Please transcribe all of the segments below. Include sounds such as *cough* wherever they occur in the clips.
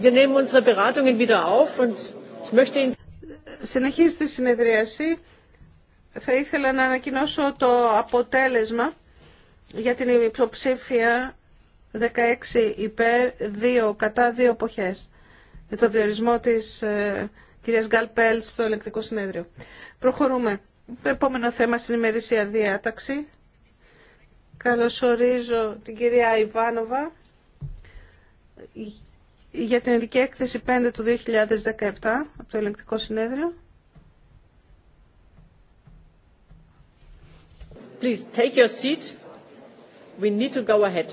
Wir nehmen unsere Beratungen wieder auf und ich möchte Συνεχίζει τη συνεδρίαση. Θα ήθελα να ανακοινώσω το αποτέλεσμα για την υποψήφια 16 υπέρ 2 κατά 2 εποχές με το διορισμό της ε, κυρίας Γκαλπέλ στο ελεκτικό συνέδριο. Προχωρούμε. Επόμενο θέμα στην ημερήσια διάταξη. Καλωσορίζω την κυρία Ιβάνοβα για την ειδική έκθεση 5 του 2017 από το ελεγκτικό συνέδριο. Please take your seat. We need to go ahead.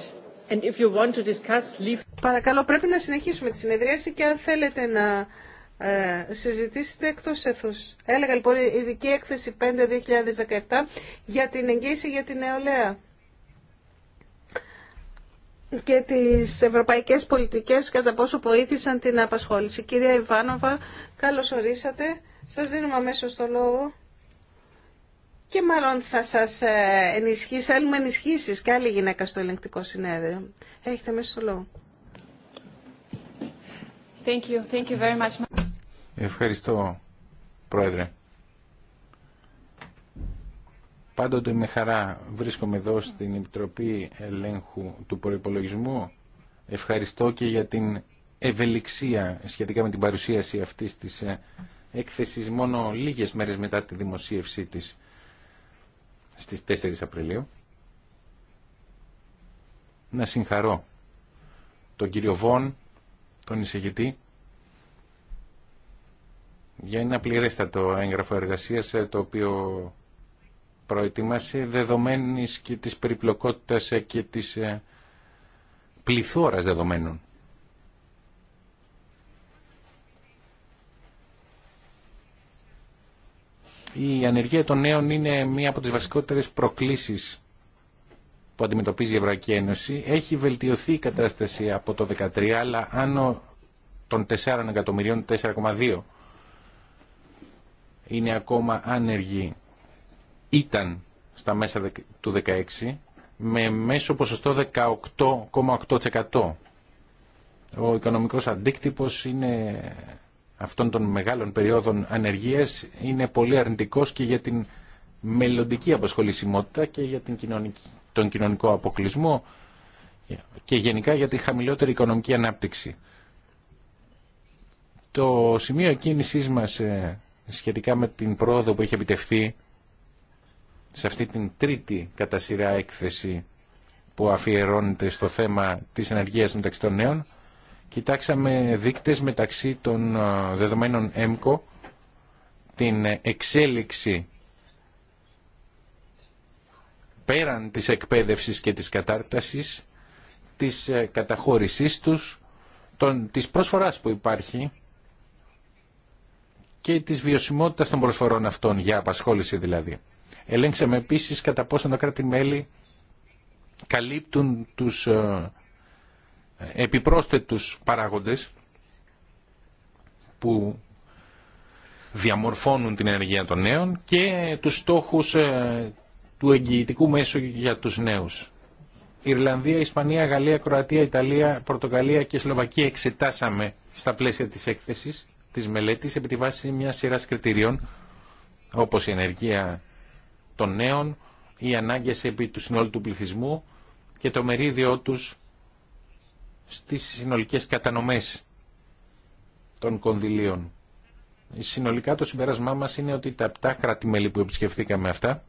And if you want to discuss, leave. Παρακαλώ, πρέπει να συνεχίσουμε τη συνεδρίαση και αν θέλετε να ε, συζητήσετε εκτός έθους. Έλεγα λοιπόν η ειδική έκθεση 5-2017 για την εγγύηση για την νεολαία και τις ευρωπαϊκές πολιτικές κατά πόσο βοήθησαν την απασχόληση. Κυρία Ιβάνοβα, καλώς ορίσατε. Σας δίνουμε αμέσως το λόγο. Και μάλλον θα σας ε, ενισχύσει, θέλουμε ενισχύσεις και άλλη γυναίκα στο ελεγκτικό συνέδριο. Έχετε αμέσως το λόγο. Thank you. Thank you very much. Ευχαριστώ, Πρόεδρε. Πάντοτε με χαρά βρίσκομαι εδώ στην Επιτροπή Ελέγχου του Προϋπολογισμού. Ευχαριστώ και για την ευελιξία σχετικά με την παρουσίαση αυτής της ε, έκθεσης μόνο λίγες μέρες μετά τη δημοσίευσή της στις 4 Απριλίου. Να συγχαρώ τον κύριο Βόν, τον εισηγητή, για ένα πληρέστατο έγγραφο εργασίας ε, το οποίο προετοιμάσει δεδομένης και της περιπλοκότητας και της ε, πληθώρας δεδομένων. Η ανεργία των νέων είναι μία από τις βασικότερες προκλήσεις που αντιμετωπίζει η Ευρωπαϊκή Ένωση. Έχει βελτιωθεί η κατάσταση από το 2013, αλλά άνω των 4 εκατομμυρίων, 4,2 είναι ακόμα άνεργοι ήταν στα μέσα του 2016 με μέσο ποσοστό 18,8%. Ο οικονομικός αντίκτυπος είναι αυτών των μεγάλων περιόδων ανεργίας είναι πολύ αρνητικός και για την μελλοντική απασχολησιμότητα και για τον κοινωνικό αποκλεισμό και γενικά για τη χαμηλότερη οικονομική ανάπτυξη. Το σημείο κίνησής μας ε, σχετικά με την πρόοδο που έχει επιτευχθεί σε αυτή την τρίτη κατά σειρά έκθεση που αφιερώνεται στο θέμα της ενεργείας μεταξύ των νέων, κοιτάξαμε δείκτες μεταξύ των ε, δεδομένων ΕΜΚΟ, την εξέλιξη πέραν της εκπαίδευσης και της κατάρτασης, της ε, καταχώρησής τους, των, της προσφοράς που υπάρχει και της βιωσιμότητας των προσφορών αυτών, για απασχόληση δηλαδή. Ελέγξαμε επίσης κατά πόσο τα κράτη-μέλη καλύπτουν τους ε, επιπρόσθετους παράγοντες που διαμορφώνουν την ενεργεία των νέων και τους στόχους ε, του εγγυητικού μέσου για τους νέους. Ιρλανδία, Ισπανία, Γαλλία, Κροατία, Ιταλία, Πορτογαλία και Σλοβακία εξετάσαμε στα πλαίσια της έκθεσης, της μελέτης, επί τη βάση μιας σειράς κριτηρίων, όπως η ενεργεία των νέων, οι ανάγκες επί του συνόλου του πληθυσμού και το μερίδιό τους στις συνολικές κατανομές των κονδυλίων. Συνολικά το συμπέρασμά μας είναι ότι τα 7 κράτη-μέλη που επισκεφθήκαμε αυτά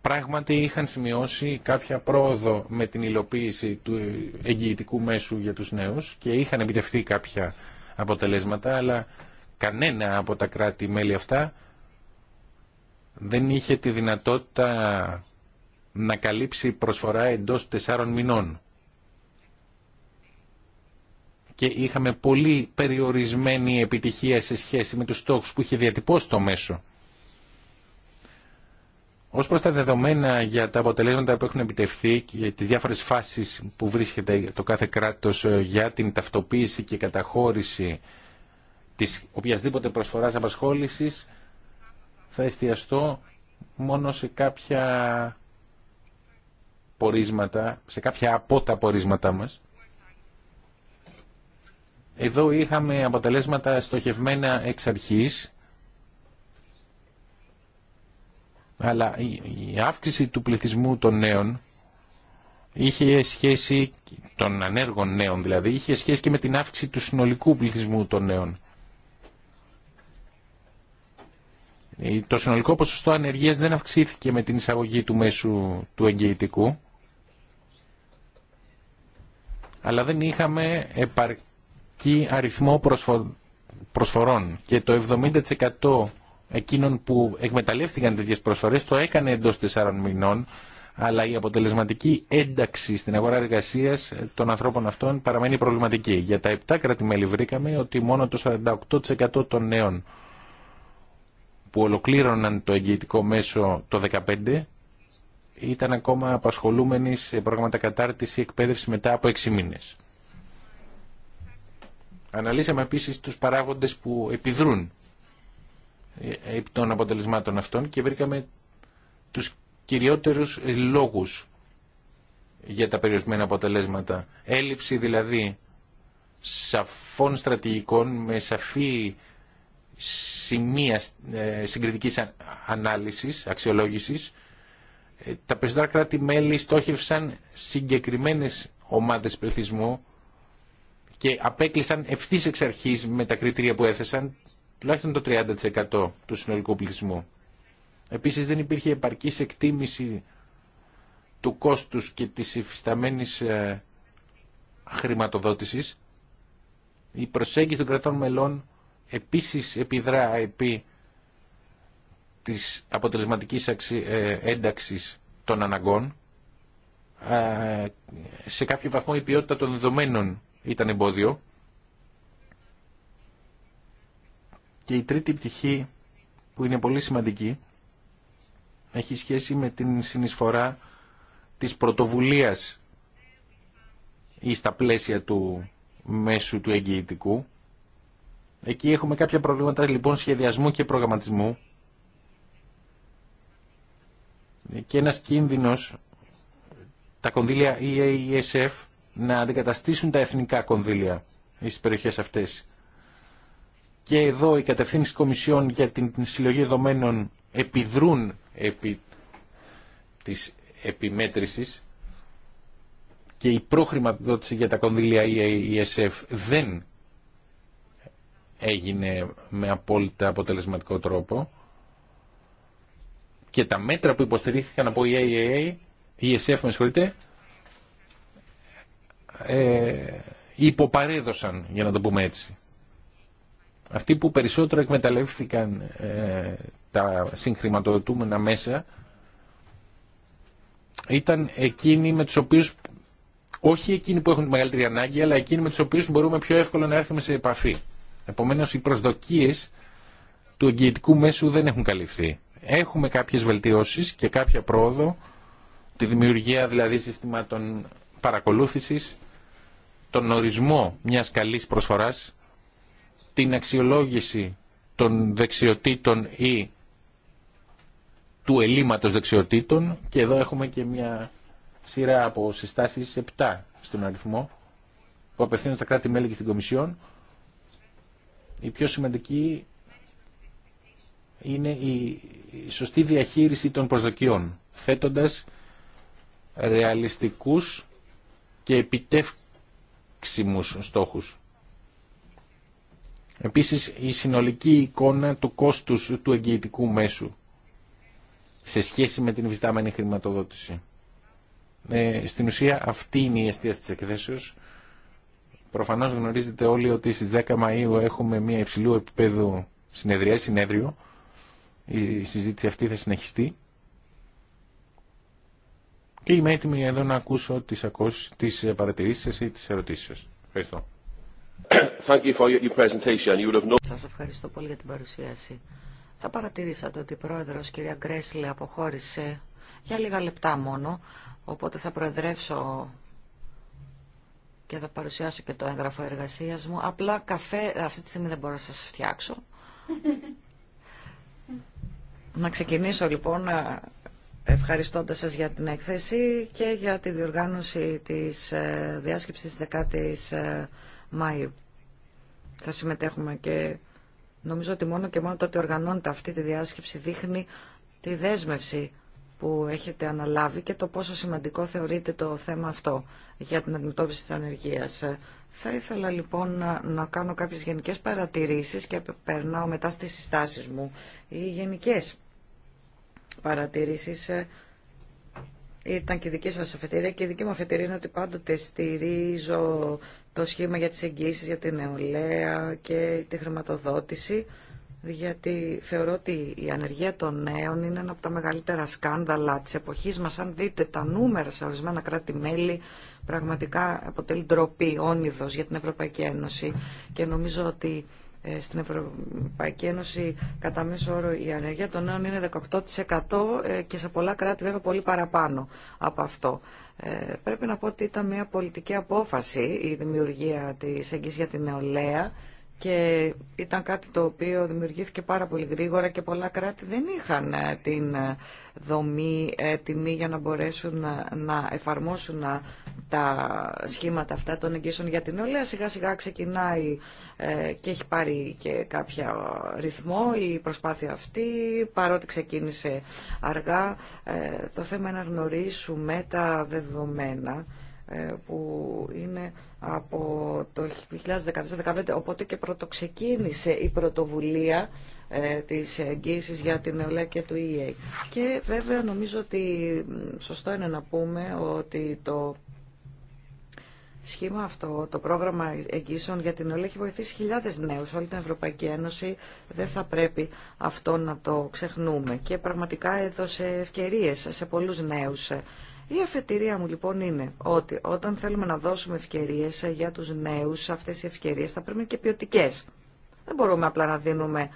πράγματι είχαν σημειώσει κάποια πρόοδο με την υλοποίηση του εγγυητικού μέσου για τους νέους και είχαν επιτευχθεί κάποια αποτελέσματα, αλλά κανένα από τα κράτη-μέλη αυτά δεν είχε τη δυνατότητα να καλύψει προσφορά εντός τεσσάρων μηνών. Και είχαμε πολύ περιορισμένη επιτυχία σε σχέση με τους στόχους που είχε διατυπώσει το μέσο. Ως προς τα δεδομένα για τα αποτελέσματα που έχουν επιτευχθεί και τις διάφορες φάσεις που βρίσκεται το κάθε κράτος ε, για την ταυτοποίηση και καταχώρηση της οποιασδήποτε προσφοράς απασχόλησης, θα εστιαστώ μόνο σε κάποια πορίσματα, σε κάποια από τα πορίσματά μας. Εδώ είχαμε αποτελέσματα στοχευμένα εξ αρχής, αλλά η αύξηση του πληθυσμού των νέων είχε σχέση, των ανέργων νέων δηλαδή, είχε σχέση και με την αύξηση του συνολικού πληθυσμού των νέων. Το συνολικό ποσοστό ανεργίας δεν αυξήθηκε με την εισαγωγή του μέσου του εγγυητικού, αλλά δεν είχαμε επαρκή αριθμό προσφορών και το 70% εκείνων που εκμεταλλεύτηκαν τέτοιες προσφορές το έκανε εντός τεσσάρων μηνών, αλλά η αποτελεσματική ένταξη στην αγορά εργασία των ανθρώπων αυτών παραμένει προβληματική. Για τα 7 κράτη-μέλη βρήκαμε ότι μόνο το 48% των νέων που ολοκλήρωναν το εγγυητικό μέσο το 2015 ήταν ακόμα απασχολούμενοι σε πρόγραμματα κατάρτιση εκπαίδευση μετά από 6 μήνες. Αναλύσαμε επίσης τους παράγοντες που επιδρούν ε, επί των αποτελεσμάτων αυτών και βρήκαμε τους κυριότερους λόγους για τα περιορισμένα αποτελέσματα. Έλλειψη δηλαδή σαφών στρατηγικών με σαφή σημεία ε, συγκριτικής ανάλυσης, αξιολόγησης. Ε, τα περισσότερα κράτη-μέλη στόχευσαν συγκεκριμένες ομάδες πληθυσμού και απέκλεισαν ευθύς εξ αρχής με τα κριτήρια που έθεσαν τουλάχιστον το 30% του συνολικού πληθυσμού. Επίσης δεν υπήρχε επαρκής εκτίμηση του κόστους και της υφισταμένης ε, χρηματοδότησης. Η προσέγγιση των κρατών μελών επίσης επιδρά επί της αποτελεσματικής ε, ένταξης των αναγκών. Σε κάποιο βαθμό η ποιότητα των δεδομένων ήταν εμπόδιο. Και η τρίτη πτυχή που είναι πολύ σημαντική έχει σχέση με την συνεισφορά της πρωτοβουλίας ή στα πλαίσια του μέσου του εγγυητικού Εκεί έχουμε κάποια προβλήματα λοιπόν σχεδιασμού και προγραμματισμού και ένας κίνδυνος τα κονδύλια EASF e να αντικαταστήσουν τα εθνικά κονδύλια στις περιοχές αυτές. Και εδώ οι κατευθύνσεις κομισιών για την συλλογή δεδομένων επιδρούν επί της επιμέτρησης και η πρόχρηματοδότηση για τα κονδύλια EASF e δεν έγινε με απόλυτα αποτελεσματικό τρόπο και τα μέτρα που υποστηρίχθηκαν από η ΑΕΕ η ESF ε, υποπαρέδωσαν για να το πούμε έτσι. Αυτοί που περισσότερο εκμεταλλεύτηκαν ε, τα συγχρηματοδοτούμενα μέσα ήταν εκείνοι με τους οποίους, όχι εκείνοι που έχουν τη μεγαλύτερη ανάγκη, αλλά εκείνοι με τους οποίους μπορούμε πιο εύκολα να έρθουμε σε επαφή. Επομένως οι προσδοκίε του εγγυητικού μέσου δεν έχουν καλυφθεί. Έχουμε κάποιες βελτιώσεις και κάποια πρόοδο, τη δημιουργία δηλαδή συστημάτων παρακολούθησης, τον ορισμό μια καλής προσφοράς, την αξιολόγηση των δεξιοτήτων ή του ελλείμματος δεξιοτήτων και εδώ έχουμε και μια σειρά από συστάσεις 7 στον αριθμό που απευθύνουν τα κράτη-μέλη και στην Κομισιόν η πιο σημαντική είναι η σωστή διαχείριση των προσδοκιών, θέτοντας ρεαλιστικούς και επιτεύξιμους στόχους. Επίσης, η συνολική εικόνα του κόστους του εγγυητικού μέσου σε σχέση με την υφιστάμενη χρηματοδότηση. Ε, στην ουσία, αυτή είναι η αιστεία της εκθέσεως Προφανώς γνωρίζετε όλοι ότι στις 10 Μαΐου έχουμε μια υψηλού επίπεδου συνεδρία, συνέδριο. Η συζήτηση αυτή θα συνεχιστεί. Και είμαι έτοιμη εδώ να ακούσω τις, τις παρατηρήσεις σας ή τις ερωτήσεις σας. Ευχαριστώ. Thank you for your presentation. You have... Σας ευχαριστώ πολύ για την παρουσίαση. Θα παρατηρήσατε ότι η πρόεδρος κυρία Γκρέσλε αποχώρησε για λίγα λεπτά μόνο, οπότε θα προεδρεύσω και θα παρουσιάσω και το έγγραφο εργασία μου. Απλά καφέ αυτή τη στιγμή δεν μπορώ να σα φτιάξω. *laughs* να ξεκινήσω λοιπόν ε, ευχαριστώντα σα για την έκθεση και για τη διοργάνωση της ε, διάσκεψης τη 10ης ε, Μάιου. Θα συμμετέχουμε και νομίζω ότι μόνο και μόνο το ότι οργανώνεται αυτή τη διάσκεψη δείχνει τη δέσμευση που έχετε αναλάβει και το πόσο σημαντικό θεωρείτε το θέμα αυτό για την αντιμετώπιση της ανεργίας. Θα ήθελα λοιπόν να, κάνω κάποιες γενικές παρατηρήσεις και περνάω μετά στις συστάσεις μου. Οι γενικές παρατηρήσεις ε, ήταν και δική σας αφετηρία και η δική μου αφετηρία είναι ότι πάντοτε στηρίζω το σχήμα για τις εγγύσεις, για την νεολαία και τη χρηματοδότηση γιατί θεωρώ ότι η ανεργία των νέων είναι ένα από τα μεγαλύτερα σκάνδαλα της εποχής μας. Αν δείτε τα νούμερα σε ορισμένα κράτη-μέλη, πραγματικά αποτελεί ντροπή, όνειδος για την Ευρωπαϊκή Ένωση. Και νομίζω ότι ε, στην Ευρωπαϊκή Ένωση κατά μέσο όρο η ανεργία των νέων είναι 18% ε, και σε πολλά κράτη βέβαια πολύ παραπάνω από αυτό. Ε, πρέπει να πω ότι ήταν μια πολιτική απόφαση η δημιουργία της εγγύης για την νεολαία και ήταν κάτι το οποίο δημιουργήθηκε πάρα πολύ γρήγορα και πολλά κράτη δεν είχαν ε, την ε, δομή έτοιμη ε, για να μπορέσουν να εφαρμόσουν τα σχήματα αυτά των εγγύσεων για την ολια Σιγά σιγά ξεκινάει και έχει πάρει και κάποια ρυθμό η προσπάθεια αυτή παρότι ξεκίνησε αργά. Το θέμα είναι να γνωρίσουμε τα δεδομένα ε, που είναι από το 2014-2015, οπότε και πρωτοξεκίνησε η πρωτοβουλία ε, της εγγύησης για την νεολαία και του EA. Και βέβαια νομίζω ότι σωστό είναι να πούμε ότι το σχήμα αυτό, το πρόγραμμα εγγύσεων για την νεολαία, έχει βοηθήσει χιλιάδες νέους όλη την Ευρωπαϊκή Ένωση. Δεν θα πρέπει αυτό να το ξεχνούμε. Και πραγματικά έδωσε ευκαιρίες σε πολλούς νέους ε, η αφετηρία μου λοιπόν είναι ότι όταν θέλουμε να δώσουμε ευκαιρίε ε, για τους νέους, αυτές οι ευκαιρίε θα πρέπει να είναι και ποιοτικέ. Δεν μπορούμε απλά να δίνουμε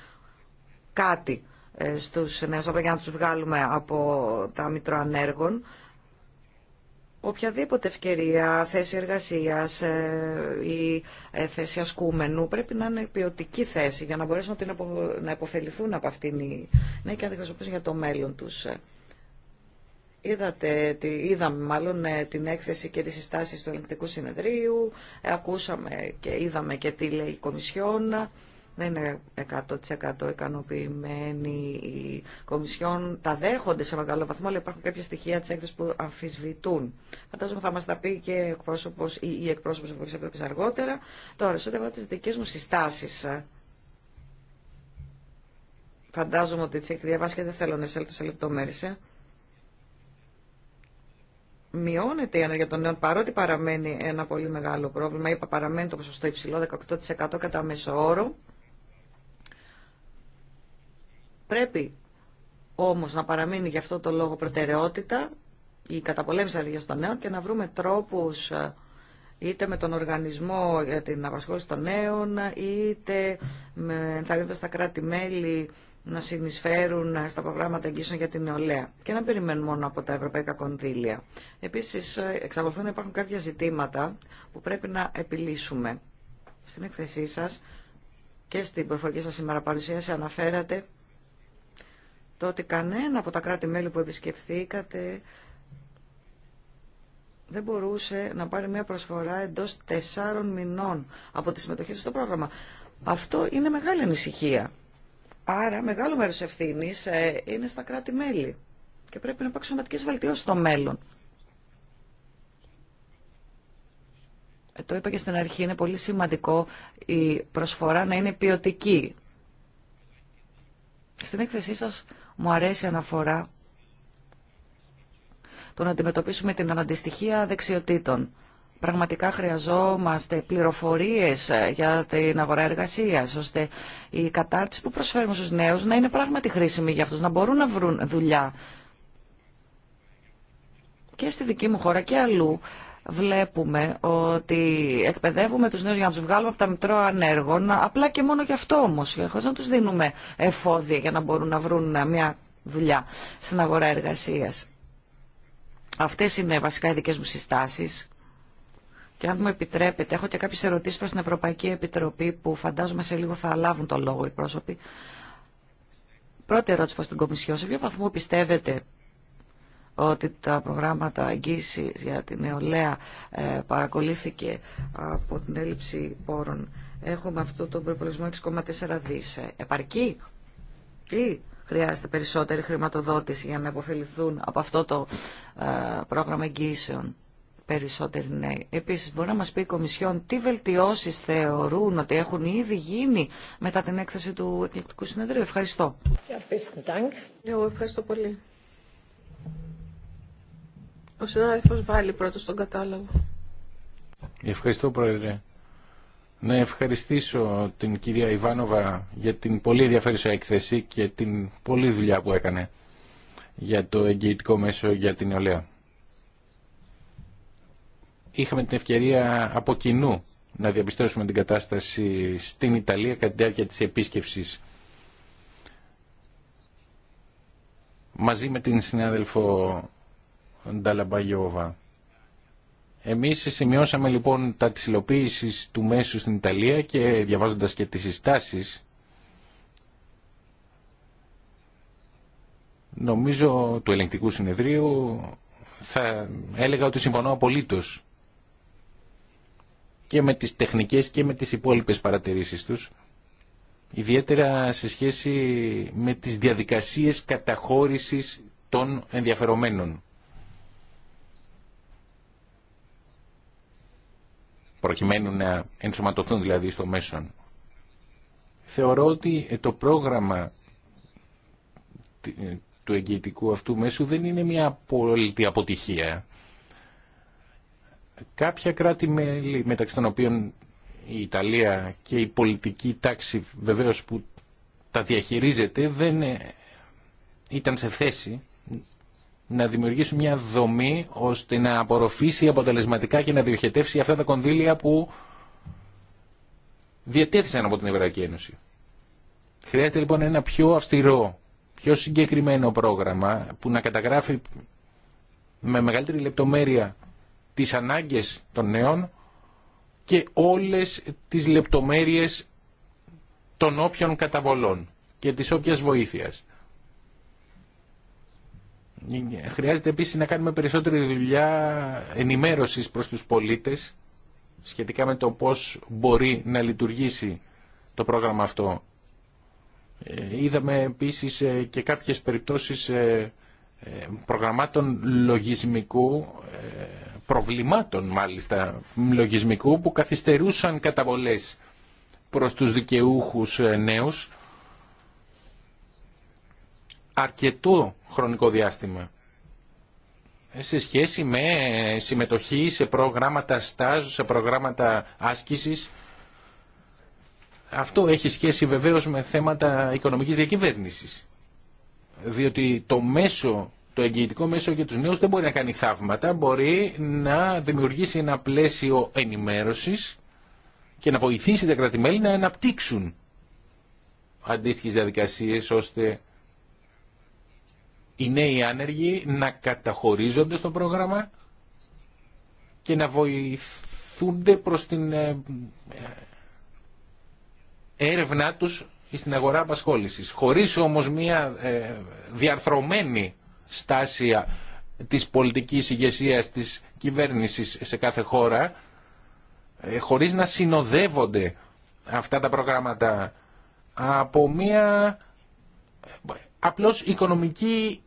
κάτι ε, στους νέους, απλά για να τους βγάλουμε από τα μητροανέργων. Οποιαδήποτε ευκαιρία, θέση εργασία ε, ή θέση ασκούμενου πρέπει να είναι ποιοτική θέση για να μπορέσουν να υποφεληθούν από αυτήν οι νέοι και να για το μέλλον του. Είδατε, είδαμε μάλλον ε, την έκθεση και τις συστάσεις του ελληνικού συνεδρίου, ε, ακούσαμε και είδαμε και τι λέει η Κομισιόν. Δεν είναι 100% ικανοποιημένη η Κομισιόν. Τα δέχονται σε μεγάλο βαθμό, αλλά υπάρχουν κάποια στοιχεία τη έκθεση που αμφισβητούν. Φαντάζομαι θα μα τα πει και εκπρόσωπος, ή η εκπρόσωπο τη Ευρωπαϊκή αργότερα. Τώρα, σε ό,τι αφορά τι δικέ μου συστάσει, ε, φαντάζομαι ότι τι έχει διαβάσει και δεν θέλω να ευσέλθω σε λεπτομέρειε μειώνεται η ανεργία των νέων παρότι παραμένει ένα πολύ μεγάλο πρόβλημα. Είπα παραμένει το ποσοστό υψηλό 18% κατά μέσο όρο. Πρέπει όμως να παραμείνει γι' αυτό το λόγο προτεραιότητα η καταπολέμηση ανεργίας των νέων και να βρούμε τρόπους ε, είτε με τον οργανισμό για την απασχόληση των νέων, είτε με, τα κράτη-μέλη να συνεισφέρουν στα προγράμματα εγγύσεων για την νεολαία και να περιμένουν μόνο από τα ευρωπαϊκά κονδύλια. Επίση, εξακολουθούν να υπάρχουν κάποια ζητήματα που πρέπει να επιλύσουμε. Στην έκθεσή σα και στην προφορική σα σήμερα παρουσίαση αναφέρατε το ότι κανένα από τα κράτη-μέλη που επισκεφθήκατε δεν μπορούσε να πάρει μια προσφορά εντό τεσσάρων μηνών από τη συμμετοχή του στο πρόγραμμα. Αυτό είναι μεγάλη ανησυχία Άρα μεγάλο μέρος ευθύνης ε, είναι στα κράτη-μέλη και πρέπει να υπάρξουν σωματικές βελτιώσει στο μέλλον. Ε, το είπα και στην αρχή, είναι πολύ σημαντικό η προσφορά να είναι ποιοτική. Στην έκθεσή σας μου αρέσει η αναφορά το να αντιμετωπίσουμε την αναντιστοιχεία δεξιοτήτων. Πραγματικά χρειαζόμαστε πληροφορίες ε, για την αγορά εργασίας, ώστε η κατάρτιση που προσφέρουμε στους νέους να είναι πράγματι χρήσιμη για αυτούς, να μπορούν να βρουν δουλειά. Και στη δική μου χώρα και αλλού βλέπουμε ότι εκπαιδεύουμε τους νέους για να τους βγάλουμε από τα μητρώα ανέργων, απλά και μόνο γι' αυτό όμως, χωρίς να τους δίνουμε εφόδια για να μπορούν να βρουν μια δουλειά στην αγορά εργασίας. Αυτές είναι βασικά οι δικές μου συστάσεις. Και αν μου επιτρέπετε, έχω και κάποιες ερωτήσεις προς την Ευρωπαϊκή Επιτροπή που φαντάζομαι σε λίγο θα λάβουν το λόγο οι πρόσωποι. Πρώτη ερώτηση προς την Κομισιό. Σε ποιο βαθμό πιστεύετε ότι τα προγράμματα αγγίση για την νεολαία ε, παρακολύθηκε από την έλλειψη πόρων. Έχουμε αυτό τον προπολογισμό 6,4 δις. Ε, επαρκεί ή χρειάζεται περισσότερη χρηματοδότηση για να υποφεληθούν από αυτό το ε, πρόγραμμα εγγύησεων περισσότεροι νέοι. Επίσης, μπορεί να μας πει η Κομισιόν τι βελτιώσεις θεωρούν ότι έχουν ήδη γίνει μετά την έκθεση του εκλεκτικού συνεδρίου. Ευχαριστώ. Εγώ ευχαριστώ πολύ. Ο συνάδελφος βάλει πρώτο στον κατάλογο. Ευχαριστώ, Πρόεδρε. Να ευχαριστήσω την κυρία Ιβάνοβα για την πολύ ενδιαφέρουσα έκθεση και την πολλή δουλειά που έκανε για το εγγυητικό μέσο για την νεολαία είχαμε την ευκαιρία από κοινού να διαπιστώσουμε την κατάσταση στην Ιταλία κατά τη διάρκεια της επίσκεψης μαζί με την συνάδελφο Νταλαμπαγιόβα. Εμείς σημειώσαμε λοιπόν τα της του μέσου στην Ιταλία και διαβάζοντας και τις συστάσεις νομίζω του ελεγκτικού συνεδρίου θα έλεγα ότι συμφωνώ απολύτως και με τις τεχνικές και με τις υπόλοιπες παρατηρήσεις τους, ιδιαίτερα σε σχέση με τις διαδικασίες καταχώρησης των ενδιαφερομένων. προκειμένου να ενσωματωθούν δηλαδή στο μέσον. Θεωρώ ότι ε, το πρόγραμμα ε, του εγγυητικού αυτού μέσου δεν είναι μια απόλυτη αποτυχία. Κάποια κράτη-μέλη, μεταξύ των οποίων η Ιταλία και η πολιτική τάξη βεβαίως που τα διαχειρίζεται, δεν ε, ήταν σε θέση να δημιουργήσουν μια δομή ώστε να απορροφήσει αποτελεσματικά και να διοχετεύσει αυτά τα κονδύλια που διατέθησαν από την Ευρωπαϊκή Ένωση. Χρειάζεται λοιπόν ένα πιο αυστηρό, πιο συγκεκριμένο πρόγραμμα που να καταγράφει με μεγαλύτερη λεπτομέρεια τις ανάγκες των νέων και όλες τις λεπτομέρειες των όποιων καταβολών και της όποιας βοήθειας. Χρειάζεται επίσης να κάνουμε περισσότερη δουλειά ενημέρωσης προς τους πολίτες σχετικά με το πώς μπορεί να λειτουργήσει το πρόγραμμα αυτό. Ε, είδαμε επίσης ε, και κάποιες περιπτώσεις ε, προγραμμάτων λογισμικού προβλημάτων μάλιστα λογισμικού που καθυστερούσαν καταβολές προς τους δικαιούχους ε, νέους αρκετό χρονικό διάστημα ε, σε σχέση με ε, συμμετοχή σε προγράμματα στάζου, σε προγράμματα άσκησης. Αυτό έχει σχέση βεβαίως με θέματα οικονομικής διακυβέρνησης. Διότι το μέσο το εγγυητικό μέσο για τους νέους δεν μπορεί να κάνει θαύματα, μπορεί να δημιουργήσει ένα πλαίσιο ενημέρωσης και να βοηθήσει τα κρατημέλη να αναπτύξουν αντίστοιχες διαδικασίες ώστε οι νέοι άνεργοι να καταχωρίζονται στο πρόγραμμα και να βοηθούνται προς την ε, ε, έρευνά τους στην αγορά απασχόλησης. Χωρίς όμως μια ε, διαρθρωμένη στάσια της πολιτικής ηγεσία της κυβέρνησης σε κάθε χώρα ε, χωρίς να συνοδεύονται αυτά τα προγράμματα από μια ε, απλώς οικονομική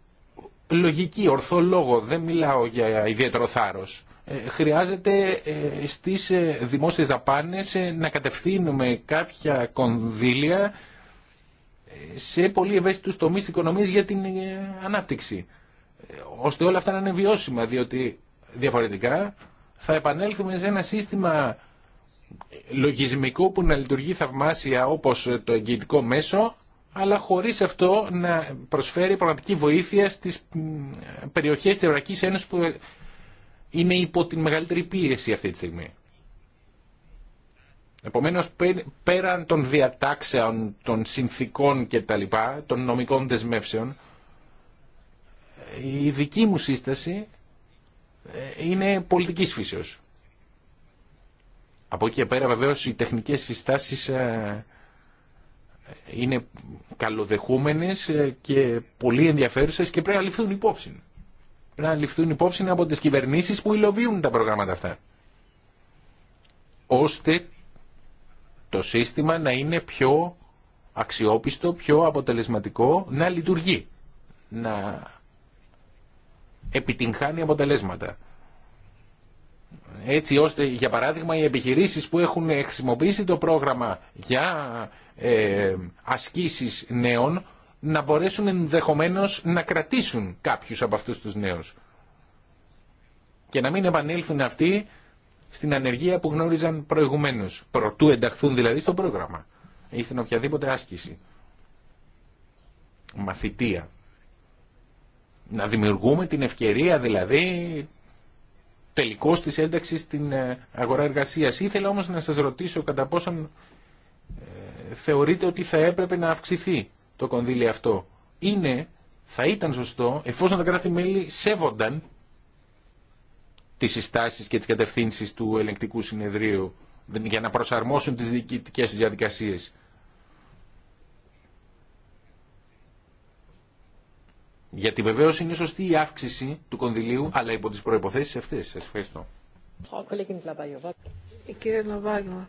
λογική, ορθό λόγο. Δεν μιλάω για ιδιαίτερο θάρρος. Ε, χρειάζεται στις δημόσιες δαπάνες να κατευθύνουμε κάποια κονδύλια σε πολύ ευαίσθητου τομεί τη οικονομίας για την ε, ανάπτυξη. Ώστε όλα αυτά να είναι βιώσιμα, διότι διαφορετικά θα επανέλθουμε σε ένα σύστημα λογισμικό που να λειτουργεί θαυμάσια όπως το εγγυητικό μέσο, αλλά χωρίς αυτό να προσφέρει πραγματική βοήθεια στις περιοχές της Ευρωπαϊκής Ένωσης που είναι υπό την μεγαλύτερη πίεση αυτή τη στιγμή. Επομένως, πέραν των διατάξεων, των συνθήκων και τα λοιπά, των νομικών δεσμεύσεων, η δική μου σύσταση ε, είναι πολιτικής φύσεως. Από εκεί και πέρα βεβαίως οι τεχνικές συστάσεις ε, είναι καλοδεχούμενες ε, και πολύ ενδιαφέρουσες και πρέπει να ληφθούν υπόψη. Πρέπει να ληφθούν υπόψη από τις κυβερνήσεις που υλοποιούν τα προγράμματα αυτά. Ώστε το σύστημα να είναι πιο αξιόπιστο, πιο αποτελεσματικό, να λειτουργεί, να επιτυγχάνει αποτελέσματα. Έτσι ώστε, για παράδειγμα, οι επιχειρήσεις που έχουν χρησιμοποιήσει το πρόγραμμα για ε, ασκήσεις νέων να μπορέσουν ενδεχομένως να κρατήσουν κάποιους από αυτούς τους νέους και να μην επανέλθουν αυτοί στην ανεργία που γνώριζαν προηγουμένω. προτού ενταχθούν δηλαδή στο πρόγραμμα ή στην οποιαδήποτε άσκηση. Μαθητεία. Να δημιουργούμε την ευκαιρία δηλαδή τελικώ της ένταξη στην ε, αγορά εργασία. Ήθελα όμως να σας ρωτήσω κατά πόσον ε, θεωρείτε ότι θα έπρεπε να αυξηθεί το κονδύλι αυτό. Είναι, θα ήταν σωστό, εφόσον τα κράτη-μέλη σέβονταν τις συστάσεις και τις κατευθύνσεις του ελεγκτικού συνεδρίου για να προσαρμόσουν τις διοικητικές του διαδικασίες. Γιατί βεβαίω είναι σωστή η αύξηση του κονδυλίου, αλλά υπό τι προποθέσει αυτέ. Σα ευχαριστώ. Κύριε Λαβάγιο,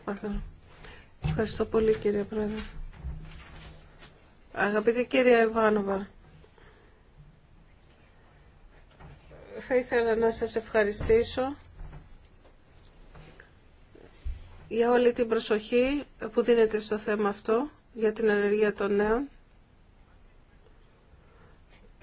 Ευχαριστώ πολύ, κύριε Πρόεδρε. Αγαπητή κυρία Ιβάνοβα, θα ήθελα να σας ευχαριστήσω για όλη την προσοχή που δίνετε στο θέμα αυτό, για την ενεργεία των νέων.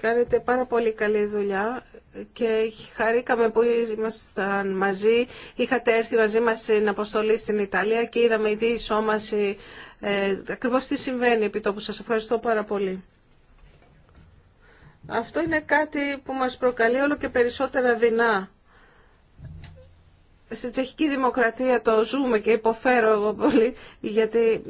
Κάνετε πάρα πολύ καλή δουλειά και χαρήκαμε που ήμασταν μαζί. Είχατε έρθει μαζί μας στην αποστολή στην Ιταλία και είδαμε η σώμαση, ε, ακριβώς τι συμβαίνει επί τόπου. Σας ευχαριστώ πάρα πολύ. Αυτό είναι κάτι που μας προκαλεί όλο και περισσότερα δεινά. Στην τσεχική δημοκρατία το ζούμε και υποφέρω εγώ πολύ, γιατί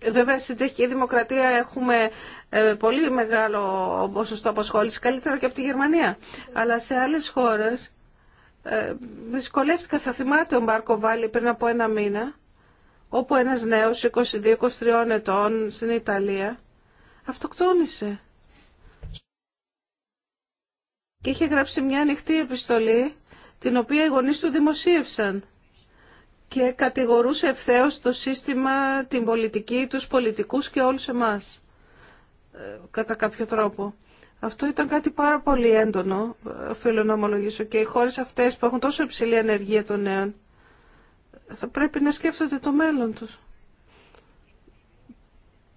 ε, βέβαια στην τσεχική δημοκρατία έχουμε ε, πολύ μεγάλο ποσοστό απασχόληση, καλύτερα και από τη Γερμανία. Αλλά σε άλλες χώρες ε, δυσκολεύτηκα, θα θυμάται ο Μπάρκο Βάλι πριν από ένα μήνα, όπου ένας νέος 22-23 ετών στην Ιταλία αυτοκτόνησε και είχε γράψει μια ανοιχτή επιστολή την οποία οι γονείς του δημοσίευσαν και κατηγορούσε ευθέως το σύστημα, την πολιτική, τους πολιτικούς και όλους εμάς ε, κατά κάποιο τρόπο. Αυτό ήταν κάτι πάρα πολύ έντονο, οφείλω να ομολογήσω, και οι χώρες αυτές που έχουν τόσο υψηλή ανεργία των νέων θα πρέπει να σκέφτονται το μέλλον τους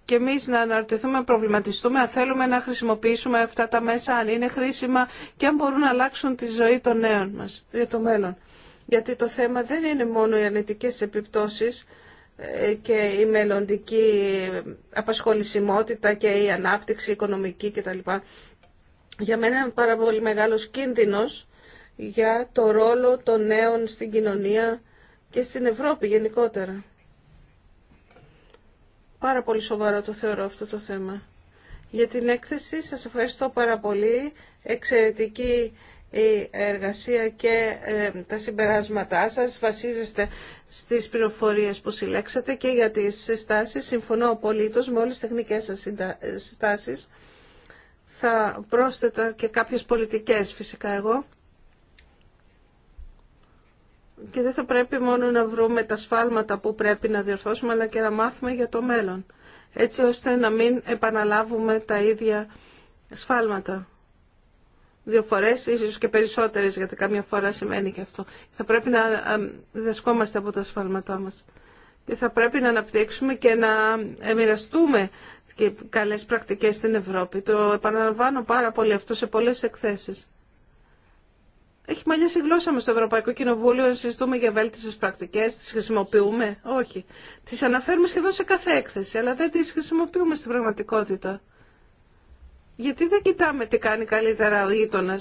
και εμείς να αναρωτηθούμε, προβληματιστούμε αν θέλουμε να χρησιμοποιήσουμε αυτά τα μέσα, αν είναι χρήσιμα και αν μπορούν να αλλάξουν τη ζωή των νέων μας για ε, το μέλλον. Γιατί το θέμα δεν είναι μόνο οι αρνητικές επιπτώσεις ε, και η μελλοντική απασχολησιμότητα και η ανάπτυξη οικονομική κτλ. Για μένα είναι πάρα πολύ μεγάλος κίνδυνος για το ρόλο των νέων στην κοινωνία και στην Ευρώπη γενικότερα. Πάρα πολύ σοβαρό το θεωρώ αυτό το θέμα. Για την έκθεση σας ευχαριστώ πάρα πολύ. Εξαιρετική η εργασία και ε, τα συμπεράσματά σας βασίζεστε στις πληροφορίες που συλλέξατε και για τις συστάσεις. Συμφωνώ απολύτως με όλες τις τεχνικές σας ε, συστάσεις. Θα πρόσθετα και κάποιες πολιτικές φυσικά εγώ και δεν θα πρέπει μόνο να βρούμε τα σφάλματα που πρέπει να διορθώσουμε, αλλά και να μάθουμε για το μέλλον, έτσι ώστε να μην επαναλάβουμε τα ίδια σφάλματα. Δύο φορέ ίσως και περισσότερες, γιατί καμιά φορά σημαίνει και αυτό. Θα πρέπει να ε, δεσκόμαστε από τα σφάλματά μας. Και θα πρέπει να αναπτύξουμε και να ε, μοιραστούμε και καλές πρακτικές στην Ευρώπη. Το επαναλαμβάνω πάρα πολύ αυτό σε πολλές εκθέσεις. Έχει μαλλιάσει η γλώσσα μας στο Ευρωπαϊκό Κοινοβούλιο να συζητούμε για βέλτιστε πρακτικέ, τι χρησιμοποιούμε. Όχι. Τις αναφέρουμε σχεδόν σε κάθε έκθεση, αλλά δεν τις χρησιμοποιούμε στην πραγματικότητα. Γιατί δεν κοιτάμε τι κάνει καλύτερα ο γείτονα.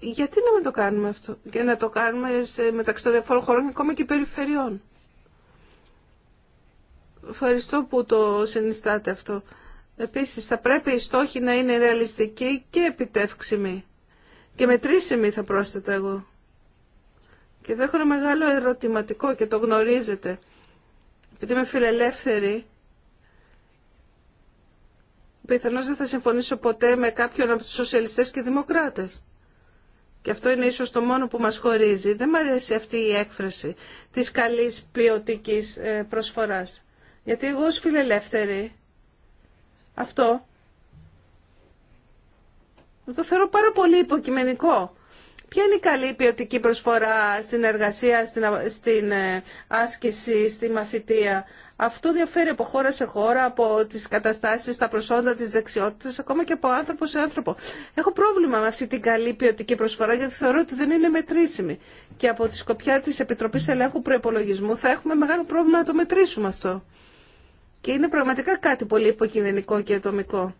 Γιατί να μην το κάνουμε αυτό και να το κάνουμε σε, μεταξύ των διαφόρων χωρών ακόμα και περιφερειών. Ευχαριστώ που το συνιστάτε αυτό. Επίσης θα πρέπει οι στόχοι να είναι ρεαλιστικοί και επιτεύξιμοι και μετρήσιμη θα πρόσθετα εγώ. Και εδώ έχω ένα μεγάλο ερωτηματικό και το γνωρίζετε. Επειδή είμαι φιλελεύθερη, πιθανώς δεν θα συμφωνήσω ποτέ με κάποιον από τους σοσιαλιστές και δημοκράτες. Και αυτό είναι ίσως το μόνο που μας χωρίζει. Δεν μου αρέσει αυτή η έκφραση της καλής ποιοτικής ε, προσφοράς. Γιατί εγώ ως φιλελεύθερη αυτό το θεωρώ πάρα πολύ υποκειμενικό. Ποια είναι η καλή ποιοτική προσφορά στην εργασία, στην, στην ε, άσκηση, στη μαθητεία. Αυτό διαφέρει από χώρα σε χώρα, από τις καταστάσεις, τα προσόντα, τις δεξιότητες, ακόμα και από άνθρωπο σε άνθρωπο. Έχω πρόβλημα με αυτή την καλή ποιοτική προσφορά, γιατί θεωρώ ότι δεν είναι μετρήσιμη. Και από τη σκοπιά της Επιτροπής Ελέγχου Προϋπολογισμού θα έχουμε μεγάλο πρόβλημα να το μετρήσουμε αυτό. Και είναι πραγματικά κάτι πολύ υποκειμενικό και ατομικό.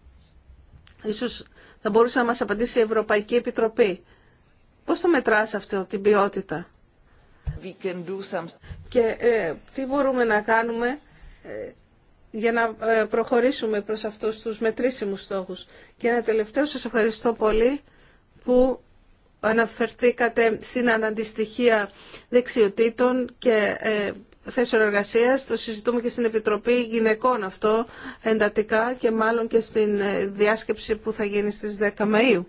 Ίσως θα μπορούσε να μας απαντήσει η Ευρωπαϊκή Επιτροπή. Πώς το μετράς αυτό, την ποιότητα. Και ε, τι μπορούμε να κάνουμε ε, για να ε, προχωρήσουμε προς αυτούς τους μετρήσιμους στόχους. Και ένα τελευταίο σας ευχαριστώ πολύ που αναφερθήκατε στην αναντιστοιχεία δεξιοτήτων και ε, θέσεων εργασία. Το συζητούμε και στην Επιτροπή Γυναικών αυτό εντατικά και μάλλον και στην ε, διάσκεψη που θα γίνει στις 10 Μαΐου.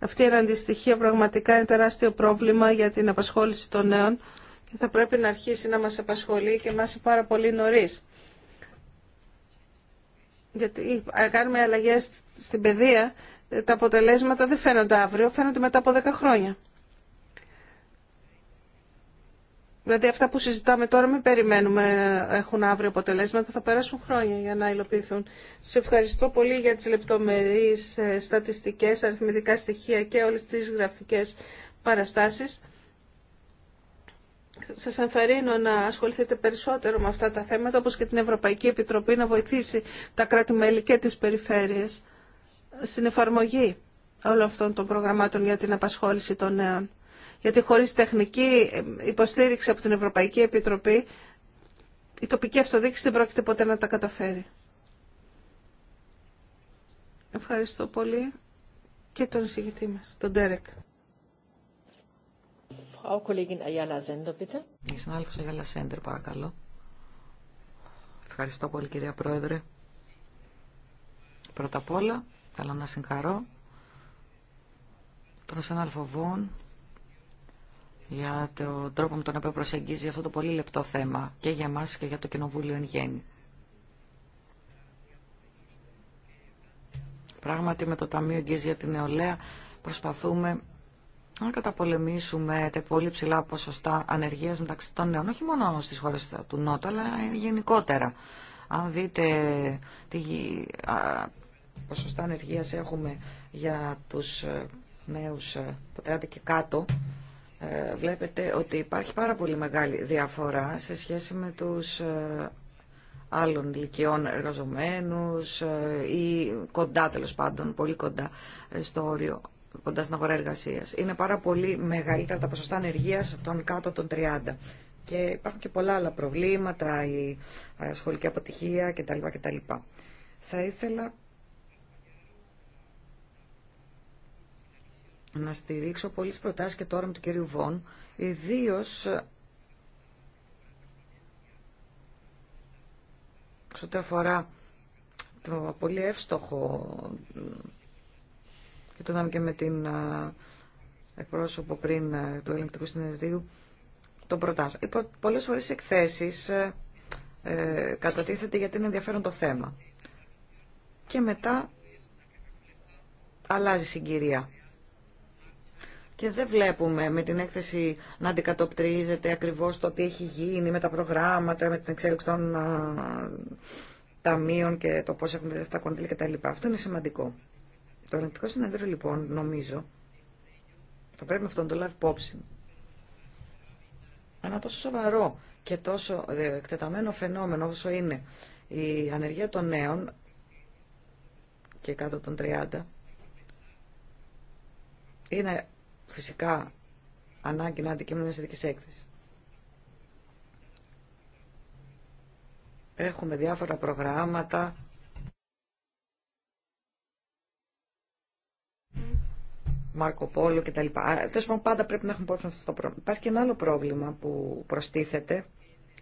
Αυτή η αντιστοιχία πραγματικά είναι τεράστιο πρόβλημα για την απασχόληση των νέων και θα πρέπει να αρχίσει να μας απασχολεί και μας πάρα πολύ νωρίς. Γιατί κάνουμε αλλαγές στην παιδεία, ε, τα αποτελέσματα δεν φαίνονται αύριο, φαίνονται μετά από 10 χρόνια. Δηλαδή αυτά που συζητάμε τώρα μην περιμένουμε έχουν αύριο αποτελέσματα, θα περάσουν χρόνια για να υλοποιηθούν. Σε ευχαριστώ πολύ για τις λεπτομερείς ε, στατιστικές, αριθμητικά στοιχεία και όλες τις γραφικές παραστάσεις. Σας ενθαρρύνω να ασχοληθείτε περισσότερο με αυτά τα θέματα, όπως και την Ευρωπαϊκή Επιτροπή να βοηθήσει τα κράτη-μέλη και τις περιφέρειες στην εφαρμογή όλων αυτών των προγραμμάτων για την απασχόληση των νέων γιατί χωρίς τεχνική υποστήριξη από την Ευρωπαϊκή Επιτροπή η τοπική αυτοδίκηση δεν πρόκειται ποτέ να τα καταφέρει. Ευχαριστώ πολύ και τον εισηγητή μας, τον Τέρεκ. Frau Kollegin bitte. συνάδελφος παρακαλώ. Ευχαριστώ πολύ, κυρία Πρόεδρε. Πρώτα απ' όλα, θέλω να συγχαρώ τον Σαν για τον τρόπο με τον οποίο προσεγγίζει αυτό το πολύ λεπτό θέμα και για μας και για το Κοινοβούλιο εν γέννη. Πράγματι με το Ταμείο Εγγύης για την Νεολαία προσπαθούμε να καταπολεμήσουμε τα πολύ ψηλά ποσοστά ανεργίας μεταξύ των νέων, όχι μόνο στις χώρες του Νότου, αλλά γενικότερα. Αν δείτε τι ποσοστά ανεργίας έχουμε για τους ε, νέους ε, που και κάτω, ε, βλέπετε ότι υπάρχει πάρα πολύ μεγάλη διαφορά σε σχέση με τους ε, άλλων ηλικιών εργαζομένους ε, ή κοντά τέλος πάντων, πολύ κοντά στο όριο, κοντά στην αγορά εργασίας. Είναι πάρα πολύ μεγαλύτερα τα ποσοστά ανεργίας των κάτω των 30. Και υπάρχουν και πολλά άλλα προβλήματα, η σχολική αποτυχία κτλ. κτλ. Θα ήθελα να στηρίξω πολλέ προτάσει και τώρα με τον κύριο Βον, ιδίω σε ό,τι αφορά το πολύ εύστοχο και το είδαμε και με την εκπρόσωπο πριν του ελεγκτικού συνεδρίου των προτάσεων. Πολλές φορές οι εκθέσεις ε, ε, κατατίθεται γιατί είναι ενδιαφέρον το θέμα. Και μετά αλλάζει συγκυρία. Και δεν βλέπουμε με την έκθεση να αντικατοπτρίζεται ακριβώς το τι έχει γίνει με τα προγράμματα, με την εξέλιξη των ταμείων και το πώς έχουν τα κονδύλια κτλ. Αυτό είναι σημαντικό. Το ελεγκτικό συνεδρίο λοιπόν νομίζω θα πρέπει αυτό να το λάβει υπόψη. Ένα τόσο σοβαρό και τόσο ε, εκτεταμένο φαινόμενο όσο είναι η ανεργία των νέων και κάτω των 30 είναι φυσικά ανάγκη να αντικείμενο μια ειδική έκθεση. Έχουμε διάφορα προγράμματα. Μάρκο Πόλο κτλ. Τέλο πάντων, πάντα πρέπει να έχουμε πρόβλημα στο πρόβλημα. Υπάρχει και ένα άλλο πρόβλημα που προστίθεται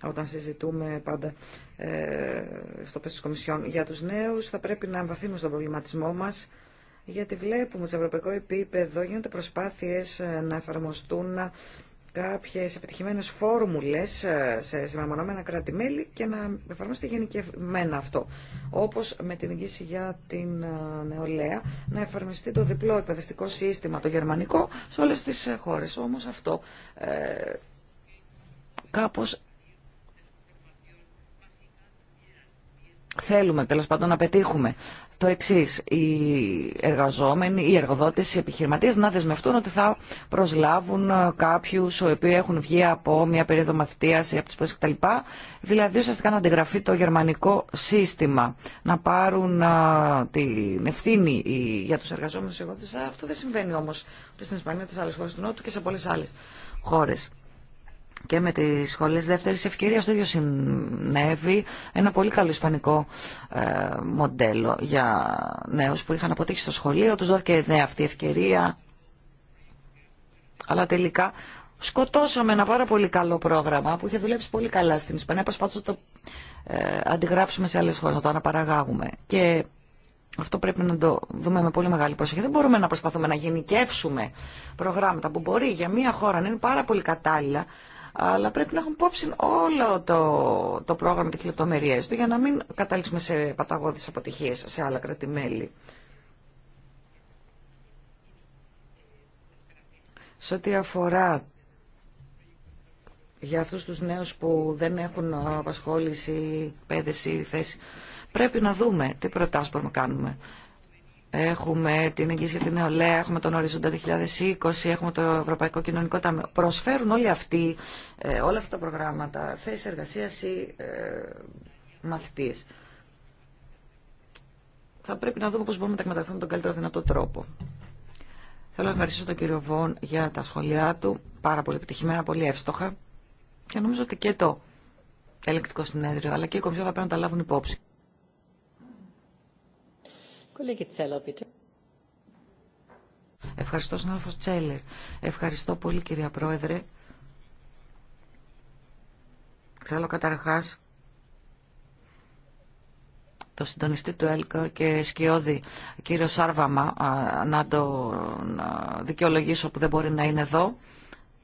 όταν συζητούμε πάντα ε, στο πέστη Κομισιόν για τους νέους, θα πρέπει να εμβαθύνουμε στον προβληματισμό μας γιατί βλέπουμε σε ευρωπαϊκό επίπεδο γίνονται προσπάθειες ε, να εφαρμοστούν ε, κάποιες επιτυχημένες φόρμουλες ε, σε συμμεμονωμένα κράτη-μέλη και να εφαρμοστεί γενικευμένα αυτό. Όπως με την εγγύηση για την νεολαία, να εφαρμοστεί το διπλό εκπαιδευτικό σύστημα, το γερμανικό, σε όλες τις χώρες. Όμως αυτό ε, κάπως θέλουμε τέλο πάντων να πετύχουμε το εξή. Οι εργαζόμενοι, οι εργοδότε, οι επιχειρηματίε να δεσμευτούν ότι θα προσλάβουν ε, κάποιου οι οποίοι έχουν βγει από μια περίοδο μαθητεία ή από τι πτώσει κτλ. Δηλαδή ουσιαστικά να αντιγραφεί το γερμανικό σύστημα. Να πάρουν α, ε, την ευθύνη για του εργαζόμενου εργοδότε. Αυτό δεν συμβαίνει όμω στην Ισπανία, τι άλλε χώρε του Νότου και σε πολλέ άλλε χώρε και με τις σχολές δεύτερης ευκαιρίας το ίδιο συνέβη ένα πολύ καλό ισπανικό ε, μοντέλο για νέους που είχαν αποτύχει στο σχολείο τους δόθηκε αυτή η ευκαιρία αλλά τελικά σκοτώσαμε ένα πάρα πολύ καλό πρόγραμμα που είχε δουλέψει πολύ καλά στην Ισπανία προσπάθησε να το ε, αντιγράψουμε σε άλλες χώρες να το αναπαραγάγουμε και αυτό πρέπει να το δούμε με πολύ μεγάλη προσοχή. Δεν μπορούμε να προσπαθούμε να γενικεύσουμε προγράμματα που μπορεί για μια χώρα να είναι πάρα πολύ κατάλληλα αλλά πρέπει να έχουν υπόψη όλο το, το πρόγραμμα και τις λεπτομερίες του για να μην καταλήξουμε σε παταγώδει αποτυχίες σε άλλα κρατημέλη. Σε ό,τι αφορά για αυτούς τους νέους που δεν έχουν απασχόληση, ή θέση, πρέπει να δούμε τι προτάσεις μπορούμε να κάνουμε. Έχουμε την εγγύηση για την νεολαία, έχουμε τον ορίζοντα 2020, έχουμε το Ευρωπαϊκό Κοινωνικό Ταμείο. Προσφέρουν όλοι αυτοί, ε, όλα αυτά τα προγράμματα, θέσει εργασία ή ε, μαθητή. Θα πρέπει να δούμε πώ μπορούμε να τα εκμεταλλευτούμε τον καλύτερο δυνατό τρόπο. Θέλω να ευχαριστήσω τον κύριο Βον για τα σχόλιά του. Πάρα πολύ επιτυχημένα, πολύ εύστοχα. Και νομίζω ότι και το ελεκτικό συνέδριο αλλά και η Κομισιόν θα πρέπει να τα λάβουν υπόψη. Ευχαριστώ, συνάδελφος Τσέλερ. Ευχαριστώ πολύ, κυρία Πρόεδρε. Θέλω καταρχάς το συντονιστή του ΕΛΚΟ και σκιώδη κύριο Σάρβαμα να το δικαιολογήσω που δεν μπορεί να είναι εδώ.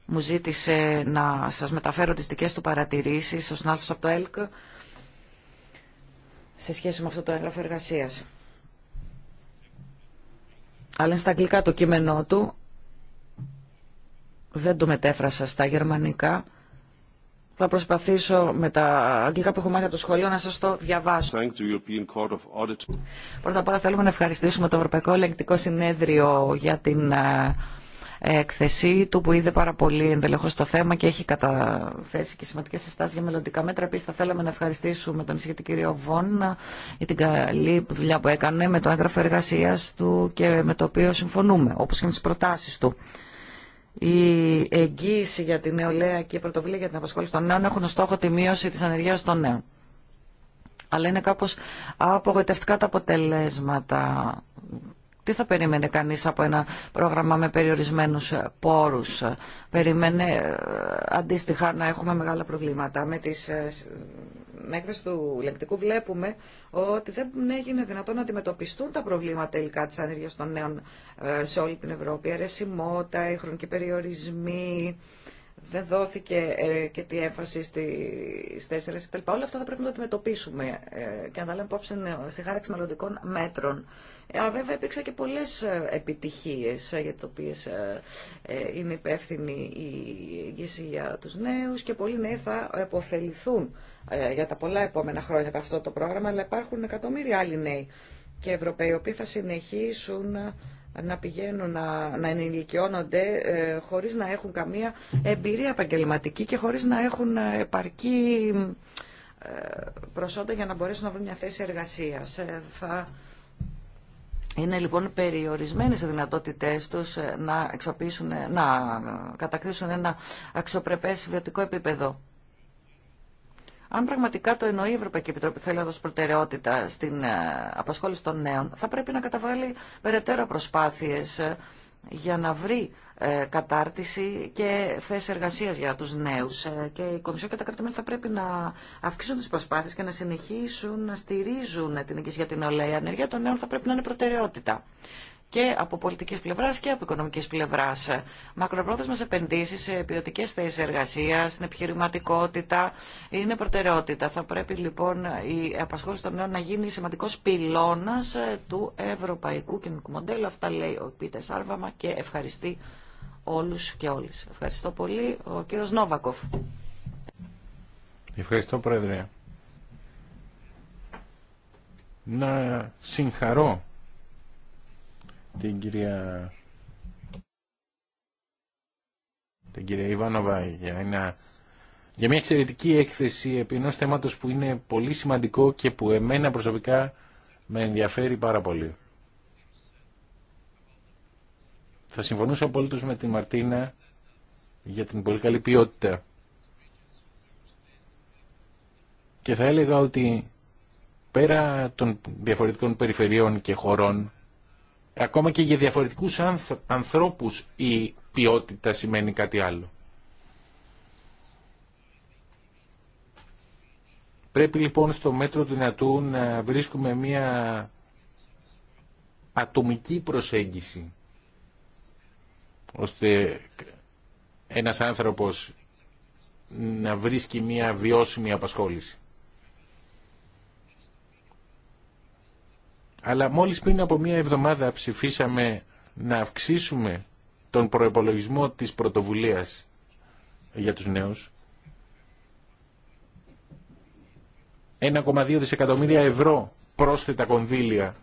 Μου ζήτησε να σας μεταφέρω τις δικές του παρατηρήσεις ο συνάδελφος από το ΕΛΚ σε σχέση με αυτό το έγγραφο εργασίας αλλά στα αγγλικά το κείμενό του. Δεν το μετέφρασα στα γερμανικά. Θα προσπαθήσω με τα αγγλικά που έχω μάθει από το σχολείο να σας το διαβάσω. Πρώτα απ' όλα θέλουμε να ευχαριστήσουμε το Ευρωπαϊκό Ελεγκτικό Συνέδριο για την ε, έκθεση του που είδε πάρα πολύ ενδελεχώ το θέμα και έχει καταθέσει και σημαντικέ συστάσει για μελλοντικά μέτρα. Επίση, θα θέλαμε να ευχαριστήσουμε τον εισηγητή κύριο Βόν για την καλή δουλειά που έκανε με το έγγραφο εργασία του και με το οποίο συμφωνούμε, όπω και με τι προτάσει του. Η εγγύηση για την νεολαία και η πρωτοβουλία για την απασχόληση των νέων έχουν στόχο τη μείωση τη ανεργία των νέων. Αλλά είναι κάπω απογοητευτικά τα αποτελέσματα τι θα περίμενε κανείς από ένα πρόγραμμα με περιορισμένους πόρους. Περίμενε ε, αντίστοιχα να έχουμε μεγάλα προβλήματα. Με τις ε, έκθεση του λεκτικού βλέπουμε ότι δεν έγινε δυνατόν να αντιμετωπιστούν τα προβλήματα τελικά της ανέργειας των νέων ε, σε όλη την Ευρώπη. Αρεσιμότητα, οι χρονικοί περιορισμοί, δεν δόθηκε ε, και τη έμφαση στι τέσσερι. Όλα αυτά θα πρέπει να τα αντιμετωπίσουμε ε, και να τα λέμε υπόψη ε, στη χάραξη μελλοντικών μέτρων. βέβαια, υπήρξαν και πολλέ επιτυχίε για τι οποίε είναι υπεύθυνη η εγγύηση για του νέου και πολλοί νέοι θα επωφεληθούν για τα πολλά επόμενα χρόνια από αυτό το πρόγραμμα, αλλά υπάρχουν εκατομμύρια άλλοι νέοι και Ευρωπαίοι, οποίοι θα συνεχίσουν να πηγαίνουν να, να ενηλικιώνονται ε, χωρίς να έχουν καμία εμπειρία επαγγελματική και χωρίς να έχουν ε, επαρκή ε, προσόντα για να μπορέσουν να βρουν μια θέση εργασίας. Ε, θα... Είναι λοιπόν περιορισμένες οι δυνατότητές τους να, να κατακτήσουν ένα αξιοπρεπές βιωτικό επίπεδο. Αν πραγματικά το εννοεί η Ευρωπαϊκή Επιτροπή, θέλει να δώσει προτεραιότητα στην ε, απασχόληση των νέων, θα πρέπει να καταβάλει περαιτέρω προσπάθειες ε, για να βρει ε, κατάρτιση και θέση εργασία για του νέου. Και η Κομισιόν και τα κρατημένα θα πρέπει να αυξήσουν τι προσπάθειε και να συνεχίσουν να στηρίζουν την εγγύηση για την ολέα. ενέργεια. ανεργία των νέων θα πρέπει να είναι προτεραιότητα και από πολιτικής πλευράς και από οικονομικής πλευράς. Μακροπρόθεσμες επενδύσεις σε ποιοτικές θέσεις εργασίας, στην επιχειρηματικότητα είναι προτεραιότητα. Θα πρέπει λοιπόν η απασχόληση των νέων να γίνει σημαντικός πυλώνας ε, του ευρωπαϊκού κοινωνικού μοντέλου. Αυτά λέει ο Πίτερ Σάρβαμα και ευχαριστεί όλους και όλες. Ευχαριστώ πολύ. Ο κύριος Νόβακοφ. Ευχαριστώ Πρόεδρε. Να συγχαρώ την κυρία την κυρία Ιβάνοβα για, ένα, για μια εξαιρετική έκθεση επί ενός θέματος που είναι πολύ σημαντικό και που εμένα προσωπικά με ενδιαφέρει πάρα πολύ. Θα συμφωνούσα τους με την Μαρτίνα για την πολύ καλή ποιότητα και θα έλεγα ότι πέρα των διαφορετικών περιφερειών και χωρών Ακόμα και για διαφορετικούς ανθρώπους η ποιότητα σημαίνει κάτι άλλο. Πρέπει λοιπόν στο μέτρο του δυνατού να βρίσκουμε μια ατομική προσέγγιση ώστε ένας άνθρωπος να βρίσκει μια βιώσιμη απασχόληση. Αλλά μόλις πριν από μία εβδομάδα ψηφίσαμε να αυξήσουμε τον προεπολογισμό της πρωτοβουλίας για τους νέους. 1,2 δισεκατομμύρια ευρώ πρόσθετα κονδύλια.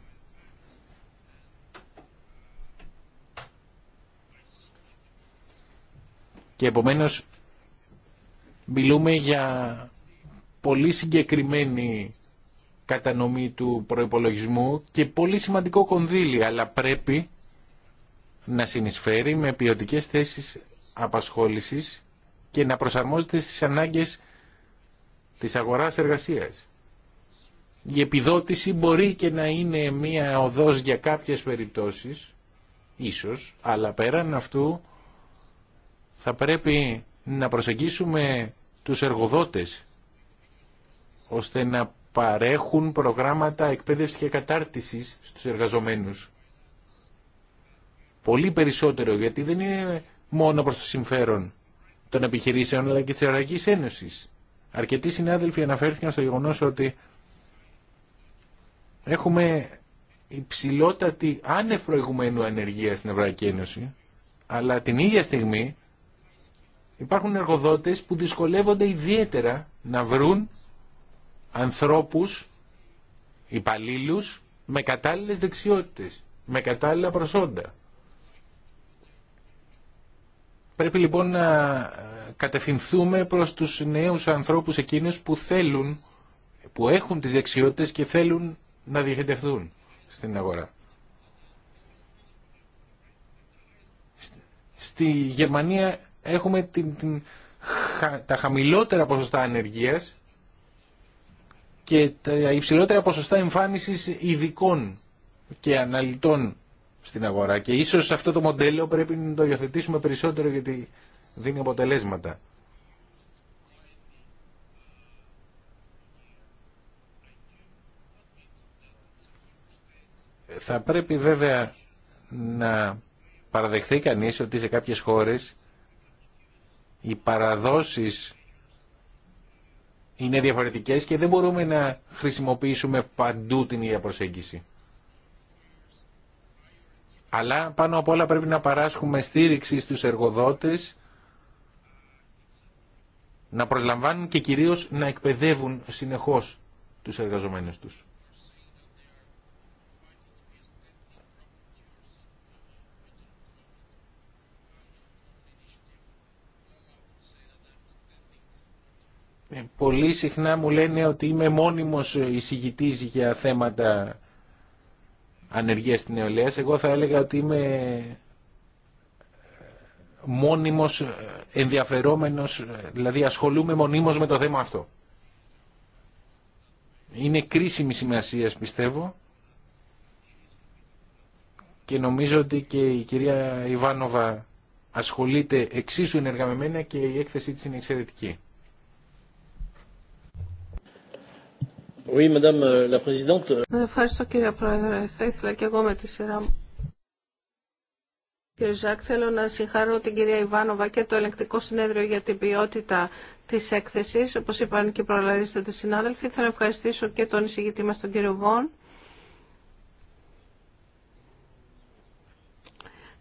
Και επομένως μιλούμε για πολύ συγκεκριμένη κατανομή του προϋπολογισμού και πολύ σημαντικό κονδύλι, αλλά πρέπει να συνεισφέρει με ποιοτικέ θέσεις απασχόλησης και να προσαρμόζεται στις ανάγκες της αγοράς εργασίας. Η επιδότηση μπορεί και να είναι μία οδός για κάποιες περιπτώσεις, ίσως, αλλά πέραν αυτού θα πρέπει να προσεγγίσουμε τους εργοδότες ώστε να παρέχουν προγράμματα εκπαίδευσης και κατάρτισης στους εργαζομένους. Πολύ περισσότερο, γιατί δεν είναι μόνο προς το συμφέρον των επιχειρήσεων, αλλά και της Ευρωπαϊκής Ένωσης. Αρκετοί συνάδελφοι αναφέρθηκαν στο γεγονός ότι έχουμε υψηλότατη άνευ προηγουμένου ανεργία στην Ευρωπαϊκή Ένωση, αλλά την ίδια στιγμή υπάρχουν εργοδότες που δυσκολεύονται ιδιαίτερα να βρουν ανθρώπους, υπαλλήλου με κατάλληλες δεξιότητες, με κατάλληλα προσόντα. Πρέπει λοιπόν να κατευθυνθούμε προς τους νέους ανθρώπους εκείνους που θέλουν, που έχουν τις δεξιότητες και θέλουν να διεχετευθούν στην αγορά. Στη Γερμανία έχουμε την, την, τα χαμηλότερα ποσοστά ανεργίας και τα υψηλότερα ποσοστά εμφάνισης ειδικών και αναλυτών στην αγορά. Και ίσως αυτό το μοντέλο πρέπει να το υιοθετήσουμε περισσότερο γιατί δίνει αποτελέσματα. Θα πρέπει βέβαια να παραδεχθεί κανείς ότι σε κάποιες χώρες οι παραδόσεις είναι διαφορετικές και δεν μπορούμε να χρησιμοποιήσουμε παντού την ίδια προσέγγιση. Αλλά πάνω απ' όλα πρέπει να παράσχουμε στήριξη στους εργοδότες να προσλαμβάνουν και κυρίως να εκπαιδεύουν συνεχώς τους εργαζομένους τους. πολύ συχνά μου λένε ότι είμαι μόνιμος εισηγητής για θέματα ανεργίας στην νεολαία. Εγώ θα έλεγα ότι είμαι μόνιμος ενδιαφερόμενος, δηλαδή ασχολούμαι μονίμως με το θέμα αυτό. Είναι κρίσιμη σημασία πιστεύω και νομίζω ότι και η κυρία Ιβάνοβα ασχολείται εξίσου ενεργαμεμένα και η έκθεσή της είναι εξαιρετική. Oui, madame euh, la présidente. Euh, Ευχαριστώ κύριε Πρόεδρε. Θα ήθελα και εγώ με τη σειρά μου. Κύριε Ζακ, θέλω να συγχαρώ την κυρία Ιβάνοβα και το ελεγκτικό συνέδριο για την ποιότητα τη έκθεση. Όπω είπαν και προλαρίστατε συνάδελφοι, θέλω να ευχαριστήσω και τον εισηγητή μα τον κύριο Βόν.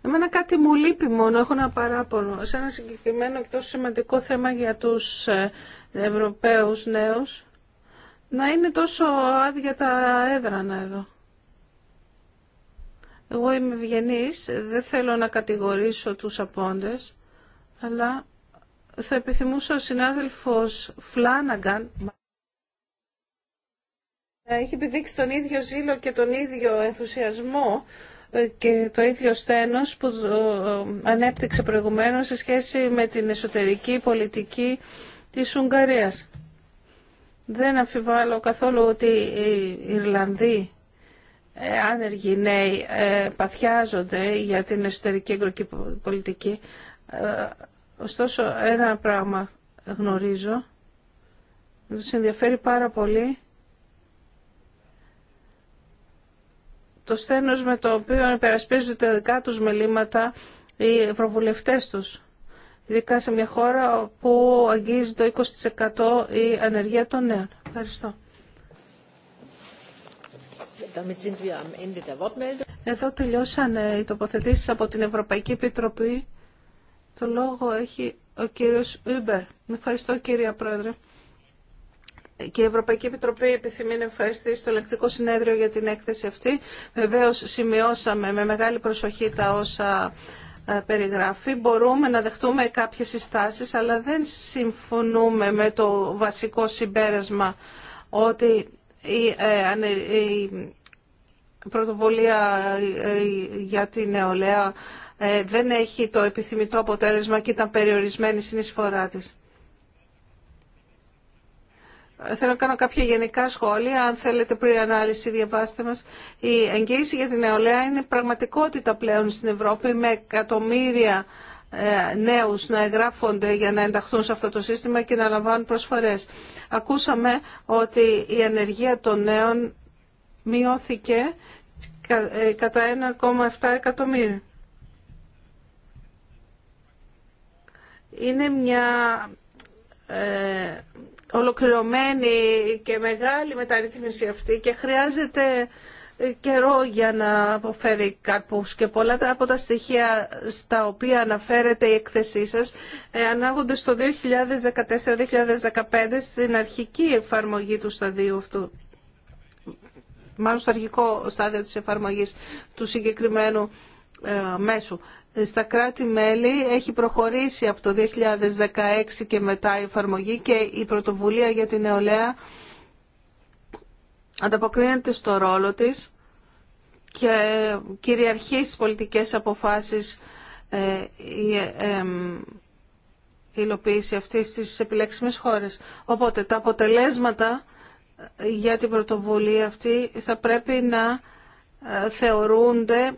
Εμένα κάτι μου λείπει μόνο, έχω ένα παράπονο. Σε ένα συγκεκριμένο και τόσο σημαντικό θέμα για τους ε, Ευρωπαίους νέους, να είναι τόσο άδεια τα έδρανα εδώ. Εγώ είμαι ευγενή, δεν θέλω να κατηγορήσω τους απόντες, αλλά θα επιθυμούσα ο συνάδελφος Φλάναγκαν να έχει επιδείξει τον ίδιο ζήλο και τον ίδιο ενθουσιασμό ε, και το ίδιο στένος που ε, ανέπτυξε προηγουμένως σε σχέση με την εσωτερική πολιτική της Ουγγαρίας. Δεν αμφιβάλλω καθόλου ότι οι Ιρλανδοί ε, άνεργοι νέοι ε, παθιάζονται για την εσωτερική εγκροκή πολιτική. Ε, ωστόσο, ένα πράγμα γνωρίζω, του ενδιαφέρει πάρα πολύ το στένος με το οποίο υπερασπίζονται τα δικά τους μελήματα οι προβουλευτές τους ειδικά σε μια χώρα που αγγίζει το 20% η ανεργία των νέων. Ευχαριστώ. Εδώ τελειώσαν ε, οι τοποθετήσει από την Ευρωπαϊκή Επιτροπή. Το λόγο έχει ο κύριος Ούμπερ. Ευχαριστώ κύριε Πρόεδρε. Και η Ευρωπαϊκή Επιτροπή επιθυμεί να ευχαριστήσει το λεκτικό συνέδριο για την έκθεση αυτή. Βεβαίως σημειώσαμε με μεγάλη προσοχή τα όσα ε, περιγράφει. Μπορούμε να δεχτούμε κάποιες συστάσεις, αλλά δεν συμφωνούμε με το βασικό συμπέρασμα ότι η ε, ε, πρωτοβουλία για την νεολαία δεν έχει το επιθυμητό αποτέλεσμα και ήταν περιορισμένη η συνεισφορά της. Θέλω να κάνω κάποια γενικά σχόλια. Αν θέλετε πριν ανάλυση, διαβάστε μας. Η εγγύηση για την νεολαία είναι πραγματικότητα πλέον στην Ευρώπη με εκατομμύρια ε, νέους να εγγράφονται για να ενταχθούν σε αυτό το σύστημα και να λαμβάνουν προσφορές. Ακούσαμε ότι η ανεργία των νέων μειώθηκε ε, κατά 1,7 εκατομμύρια. Είναι μια ε, ολοκληρωμένη και μεγάλη μεταρρύθμιση αυτή και χρειάζεται ε, καιρό για να αποφέρει καπού και πολλά από τα στοιχεία στα οποία αναφέρεται η εκθεσή σας ε, ανάγονται στο 2014-2015 στην αρχική εφαρμογή του σταδίου αυτού μάλλον στο αρχικό στάδιο της εφαρμογής του συγκεκριμένου ε, μέσου στα κράτη-μέλη έχει προχωρήσει από το 2016 και μετά η εφαρμογή και η πρωτοβουλία για την νεολαία ανταποκρίνεται στο ρόλο της και κυριαρχεί στις πολιτικές αποφάσεις ε, η υλοποίηση αυτής στις επιλέξιμες χώρες. Οπότε τα αποτελέσματα για την πρωτοβουλία αυτή θα πρέπει να ε, θεωρούνται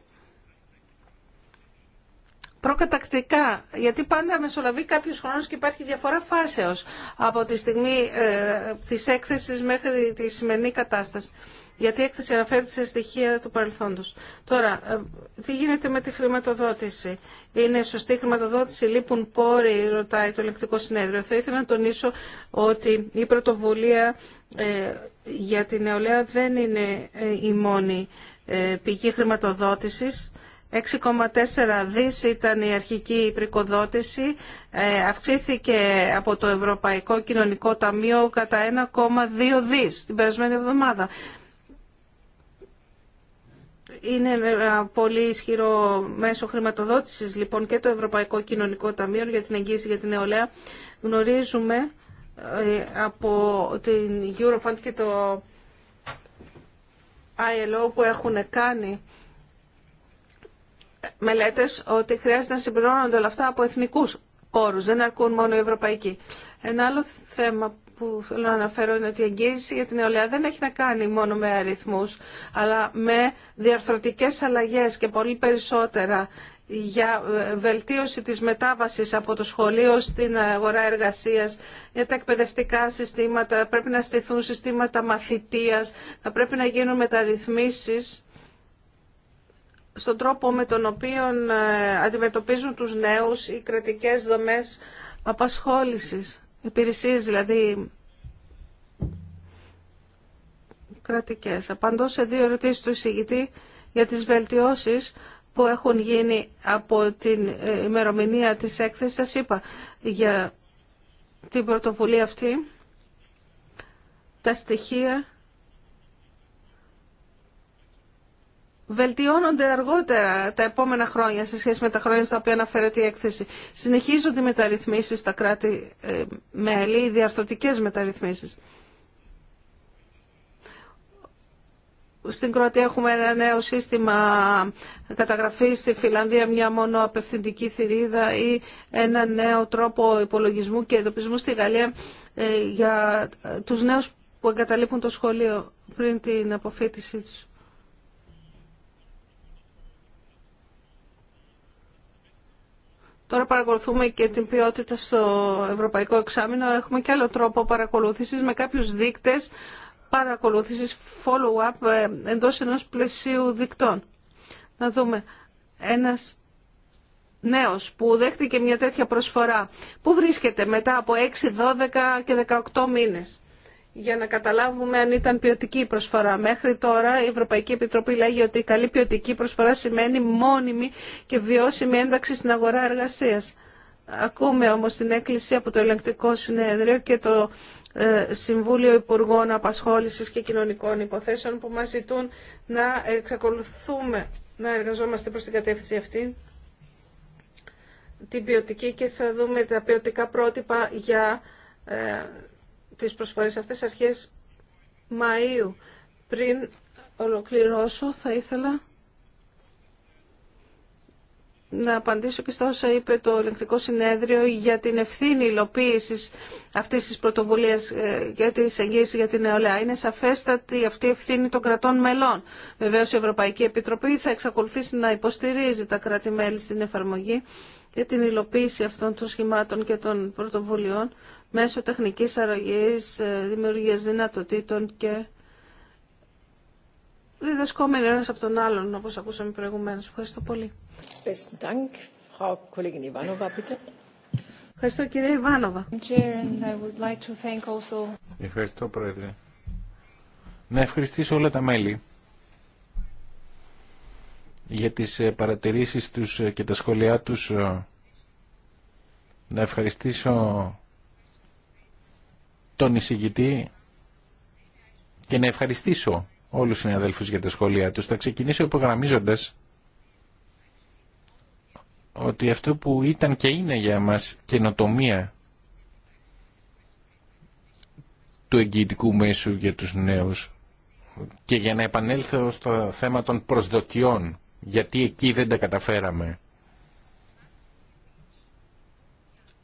προκατακτικά, γιατί πάντα μεσολαβεί κάποιος χρόνος και υπάρχει διαφορά φάσεως από τη στιγμή ε, της έκθεσης μέχρι τη σημερινή κατάσταση. Γιατί η έκθεση αναφέρεται σε στοιχεία του παρελθόντος. Τώρα, ε, τι γίνεται με τη χρηματοδότηση. Είναι σωστή η χρηματοδότηση, λείπουν πόροι, ρωτάει το ελεκτικό συνέδριο. Θα ήθελα να τονίσω ότι η πρωτοβουλία ε, για την νεολαία δεν είναι ε, η μόνη πηγή χρηματοδότησης 6,4 δις ήταν η αρχική ε, αυξήθηκε από το Ευρωπαϊκό Κοινωνικό Ταμείο κατά 1,2 δις την περασμένη εβδομάδα. Είναι πολύ ισχυρό μέσο χρηματοδότησης λοιπόν και το Ευρωπαϊκό Κοινωνικό Ταμείο για την εγγύηση για την νεολαία. Γνωρίζουμε ε, από την Eurofund και το ILO που έχουν κάνει Μελέτε ότι χρειάζεται να συμπληρώνονται όλα αυτά από εθνικού πόρου. δεν αρκούν μόνο οι ευρωπαϊκοί. Ένα άλλο θέμα που θέλω να αναφέρω είναι ότι η εγγύηση για την νεολαία δεν έχει να κάνει μόνο με αριθμού, αλλά με διαρθρωτικέ αλλαγέ και πολύ περισσότερα για ε, βελτίωση της μετάβασης από το σχολείο στην αγορά εργασίας, για τα εκπαιδευτικά συστήματα, πρέπει να στηθούν συστήματα μαθητείας, θα πρέπει να γίνουν μεταρρυθμίσεις στον τρόπο με τον οποίο ε, αντιμετωπίζουν τους νέους οι κρατικές δομές απασχόλησης, υπηρεσίες δηλαδή κρατικές. Απαντώ σε δύο ερωτήσεις του εισηγητή για τις βελτιώσεις που έχουν γίνει από την ε, ημερομηνία της έκθεσης. Σας είπα για την πρωτοβουλία αυτή, τα στοιχεία βελτιώνονται αργότερα τα επόμενα χρόνια σε σχέση με τα χρόνια στα οποία αναφέρεται η έκθεση. Συνεχίζονται οι μεταρρυθμίσεις στα κράτη-μέλη, ε, οι διαρθωτικές μεταρρυθμίσεις. Στην Κροατία έχουμε ένα νέο σύστημα καταγραφής, στη Φιλανδία μια μόνο απευθυντική θηρίδα ή ένα νέο τρόπο υπολογισμού και εντοπισμού στη Γαλλία ε, για τους νέους που εγκαταλείπουν το σχολείο πριν την αποφύτισή τους. Τώρα παρακολουθούμε και την ποιότητα στο Ευρωπαϊκό Εξάμεινο. Έχουμε και άλλο τρόπο παρακολούθησης με κάποιους δείκτες παρακολούθησης follow-up ε, εντός ενός πλαισίου δικτών. Να δούμε. Ένας νέος που δέχτηκε μια τέτοια προσφορά, πού βρίσκεται μετά από 6, 12 και 18 μήνες για να καταλάβουμε αν ήταν ποιοτική η προσφορά. Μέχρι τώρα η Ευρωπαϊκή Επιτροπή λέγει ότι η καλή ποιοτική προσφορά σημαίνει μόνιμη και βιώσιμη ένταξη στην αγορά εργασίας. Ακούμε όμως την έκκληση από το Ελεγκτικό Συνέδριο και το ε, Συμβούλιο Υπουργών Απασχόλησης και Κοινωνικών Υποθέσεων που μας ζητούν να εξακολουθούμε να εργαζόμαστε προς την κατεύθυνση αυτή την ποιοτική και θα δούμε τα ποιοτικά πρότυπα για ε, τις προσφορές αυτές αρχές Μαΐου. Πριν ολοκληρώσω θα ήθελα να απαντήσω και στα όσα είπε το ελεγκτικό συνέδριο για την ευθύνη υλοποίηση αυτή τη πρωτοβουλία ε, για τι εγγύηση για την νεολαία. Είναι σαφέστατη αυτή η ευθύνη των κρατών μελών. Βεβαίω η Ευρωπαϊκή Επιτροπή θα εξακολουθήσει να υποστηρίζει τα κράτη-μέλη στην εφαρμογή και την υλοποίηση αυτών των σχημάτων και των πρωτοβουλειών μέσω τεχνικής αρρωγής, ε, δημιουργίας δυνατοτήτων και διδασκόμενοι ένας από τον άλλον, όπως ακούσαμε προηγουμένως. Ευχαριστώ πολύ. Ευχαριστώ κύριε Ιβάνοβα. Ευχαριστώ πρόεδρε. Να ευχαριστήσω όλα τα μέλη για τις ε, παρατηρήσεις τους ε, και τα σχόλιά τους. Να ευχαριστήσω τον εισηγητή και να ευχαριστήσω όλους τους συναδέλφους για τα σχόλια τους. Θα ξεκινήσω υπογραμμίζοντας ότι αυτό που ήταν και είναι για μας καινοτομία του εγγυητικού μέσου για τους νέους και για να επανέλθω στο θέμα των προσδοκιών γιατί εκεί δεν τα καταφέραμε.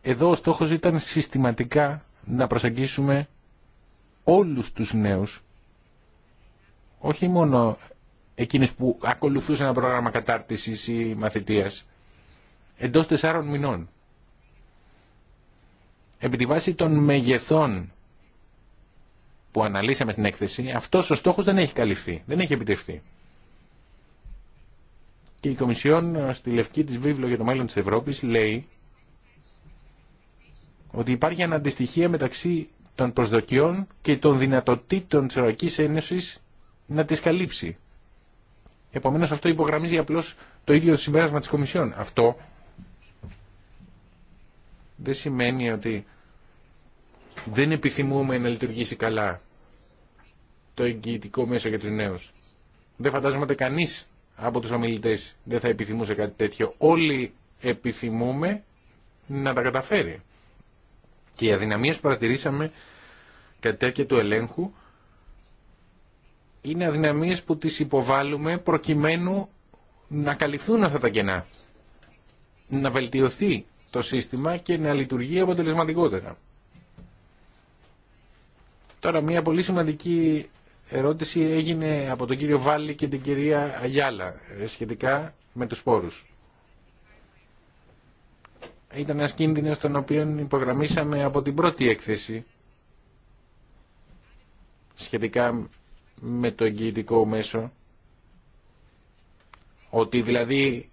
Εδώ ο στόχος ήταν συστηματικά να προσεγγίσουμε όλους τους νέους, όχι μόνο εκείνους που ακολουθούσαν ένα πρόγραμμα κατάρτισης ή μαθητείας, εντός τεσσάρων μηνών. Επί τη βάση των μεγεθών που αναλύσαμε στην έκθεση, αυτός ο στόχος δεν έχει καλυφθεί, δεν έχει επιτευχθεί. Και η Κομισιόν στη Λευκή της Βίβλο για το μέλλον της Ευρώπης λέει ότι υπάρχει αναντιστοιχεία μεταξύ των προσδοκιών και των δυνατοτήτων της Ευρωπαϊκής Ένωσης να τις καλύψει. Επομένως αυτό υπογραμμίζει απλώς το ίδιο το συμπέρασμα της Κομισιόν. Αυτό δεν σημαίνει ότι δεν επιθυμούμε να λειτουργήσει καλά το εγγυητικό μέσο για τους νέους. Δεν φαντάζομαι ότι κανείς από τους ομιλητές δεν θα επιθυμούσε κάτι τέτοιο. Όλοι επιθυμούμε να τα καταφέρει. Και οι που παρατηρήσαμε κατά και του ελέγχου είναι αδυναμίες που τις υποβάλλουμε προκειμένου να καλυφθούν αυτά τα κενά. Να βελτιωθεί το σύστημα και να λειτουργεί αποτελεσματικότερα. Τώρα μια πολύ σημαντική ερώτηση έγινε από τον κύριο Βάλλη και την κυρία Αγιάλα ε, σχετικά με τους σπόρους ήταν ένας κίνδυνος τον οποίο υπογραμμίσαμε από την πρώτη έκθεση σχετικά με το εγγυητικό μέσο ότι δηλαδή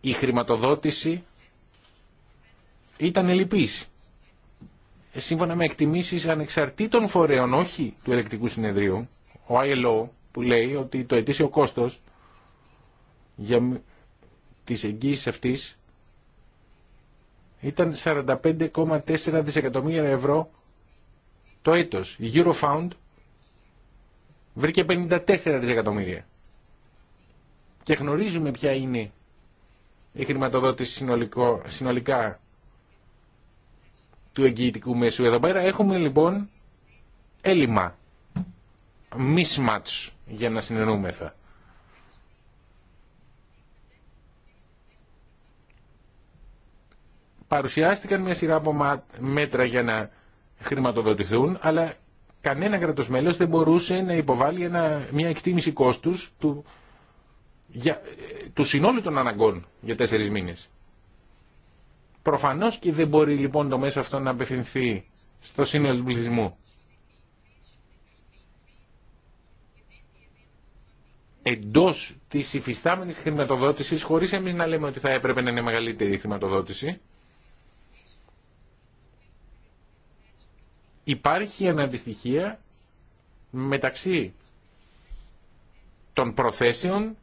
η χρηματοδότηση ήταν ελλειπής ε, σύμφωνα με εκτιμήσεις ανεξαρτήτων φορέων όχι του ελεκτικού συνεδρίου ο ILO που λέει ότι το ετήσιο κόστος για της εγγύης αυτής ήταν 45,4 δισεκατομμύρια ευρώ το έτος. Η Eurofound βρήκε 54 δισεκατομμύρια. Και γνωρίζουμε ποια είναι η χρηματοδότηση συνολικά του εγγυητικού μέσου. Εδώ πέρα έχουμε λοιπόν έλλειμμα, mismatch για να συνενούμεθα. παρουσιάστηκαν μια σειρά από μέτρα για να χρηματοδοτηθούν, αλλά κανένα κρατος δεν μπορούσε να υποβάλει ένα, μια εκτίμηση κόστους του, για, του συνόλου των αναγκών για τέσσερις μήνες. Προφανώς και δεν μπορεί λοιπόν το μέσο αυτό να απευθυνθεί στο σύνολο του πληθυσμού. Εντός της υφιστάμενης χρηματοδότησης, χωρίς εμείς να λέμε ότι θα έπρεπε να είναι μεγαλύτερη η χρηματοδότηση, υπάρχει αναντιστοιχεία μεταξύ των προθέσεων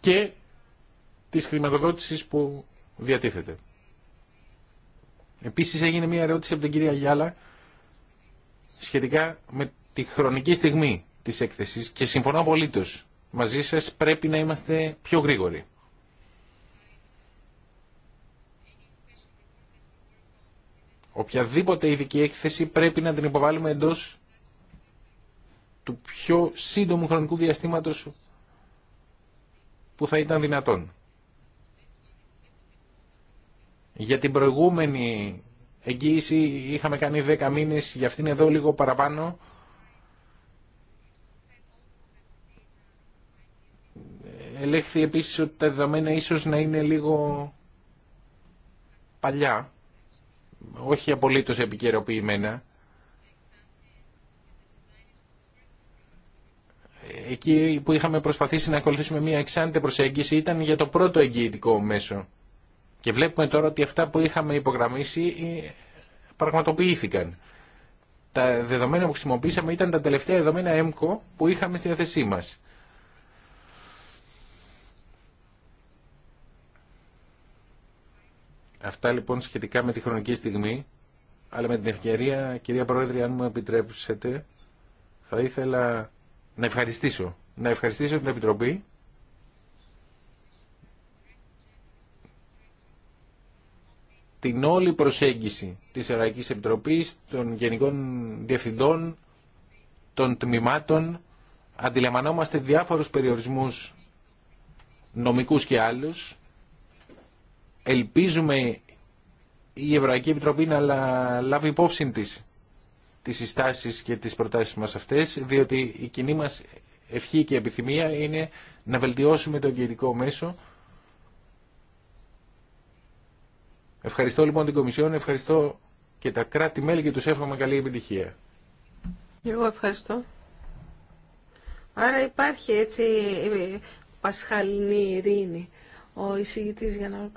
και της χρηματοδότησης που διατίθεται. Επίσης έγινε μια ερώτηση από την κυρία Γιάλα σχετικά με τη χρονική στιγμή της έκθεσης και συμφωνώ απολύτως μαζί σας πρέπει να είμαστε πιο γρήγοροι. Οποιαδήποτε ειδική έκθεση πρέπει να την υποβάλουμε εντός του πιο σύντομου χρονικού διαστήματος που θα ήταν δυνατόν. Για την προηγούμενη εγγύηση είχαμε κάνει 10 μήνες, για αυτήν εδώ λίγο παραπάνω. Ελέγχθη επίσης ότι τα δεδομένα ίσως να είναι λίγο παλιά όχι απολύτως επικαιροποιημένα. Εκεί που είχαμε προσπαθήσει να ακολουθήσουμε μια εξάντε προσέγγιση ήταν για το πρώτο εγγυητικό μέσο. Και βλέπουμε τώρα ότι αυτά που είχαμε υπογραμμίσει ε, πραγματοποιήθηκαν. Τα δεδομένα που χρησιμοποίησαμε ήταν τα τελευταία δεδομένα ΕΜΚΟ που είχαμε στη διάθεσή μας. Αυτά λοιπόν σχετικά με τη χρονική στιγμή, αλλά με την ευκαιρία, κυρία Πρόεδρε, αν μου επιτρέψετε, θα ήθελα να ευχαριστήσω. Να ευχαριστήσω την Επιτροπή την όλη προσέγγιση της Ευρωπαϊκής Επιτροπής, των γενικών διευθυντών, των τμήματων. Αντιλαμβανόμαστε διάφορους περιορισμούς νομικούς και άλλους ελπίζουμε η Ευρωπαϊκή Επιτροπή να λάβει υπόψη της τις συστάσεις και τις προτάσεις μας αυτές, διότι η κοινή μας ευχή και επιθυμία είναι να βελτιώσουμε το εγκαιρικό μέσο. Ευχαριστώ λοιπόν την Κομισιόν, ευχαριστώ και τα κράτη-μέλη και τους εύχομαι καλή επιτυχία. Εγώ ευχαριστώ. Άρα υπάρχει έτσι πασχαλινή ειρήνη ο εισηγητής για να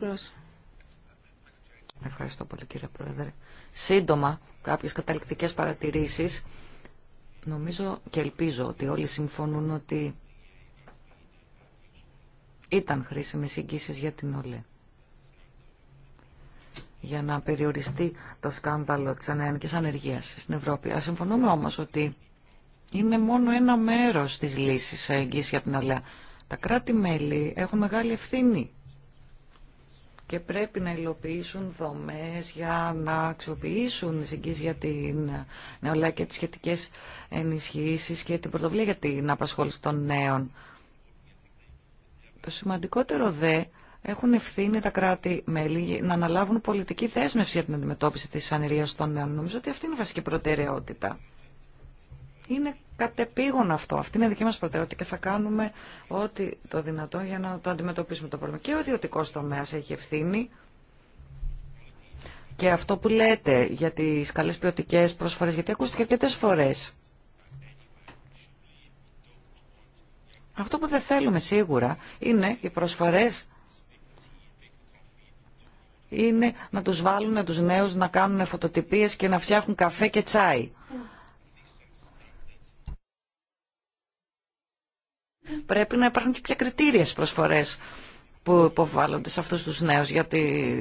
Ευχαριστώ πολύ κύριε Πρόεδρε. Σύντομα, κάποιες καταληκτικές παρατηρήσεις. Νομίζω και ελπίζω ότι όλοι συμφωνούν ότι ήταν χρήσιμες εγγύσεις για την ΟΛΕ. Για να περιοριστεί το σκάνδαλο της ανέανικης ανεργίας στην Ευρώπη. Ας συμφωνούμε όμως ότι είναι μόνο ένα μέρος της λύσης εγγύσης για την ΟΛΕ. Τα κράτη-μέλη έχουν μεγάλη ευθύνη και πρέπει να υλοποιήσουν δομές για να αξιοποιήσουν τις για την νεολαία και τις σχετικές ενισχύσεις και την πρωτοβουλία για την απασχόληση των νέων. Το σημαντικότερο δε έχουν ευθύνη τα κράτη-μέλη να αναλάβουν πολιτική δέσμευση για την αντιμετώπιση της ανηρίας των νέων. Νομίζω ότι αυτή είναι η βασική προτεραιότητα. Είναι κατεπήγον αυτό. Αυτή είναι η δική μα προτεραιότητα και θα κάνουμε ό,τι το δυνατό για να το αντιμετωπίσουμε το πρόβλημα. Και ο ιδιωτικό τομέα έχει ευθύνη. Και αυτό που λέτε για τι καλές ποιοτικέ προσφορές, γιατί ακούστηκε αρκετέ φορέ. Αυτό που δεν θέλουμε σίγουρα είναι οι προσφορές είναι να τους βάλουν τους νέους να κάνουν φωτοτυπίες και να φτιάχνουν καφέ και τσάι. πρέπει να υπάρχουν και πια κριτήρια προσφορές που υποβάλλονται σε αυτούς τους νέους για,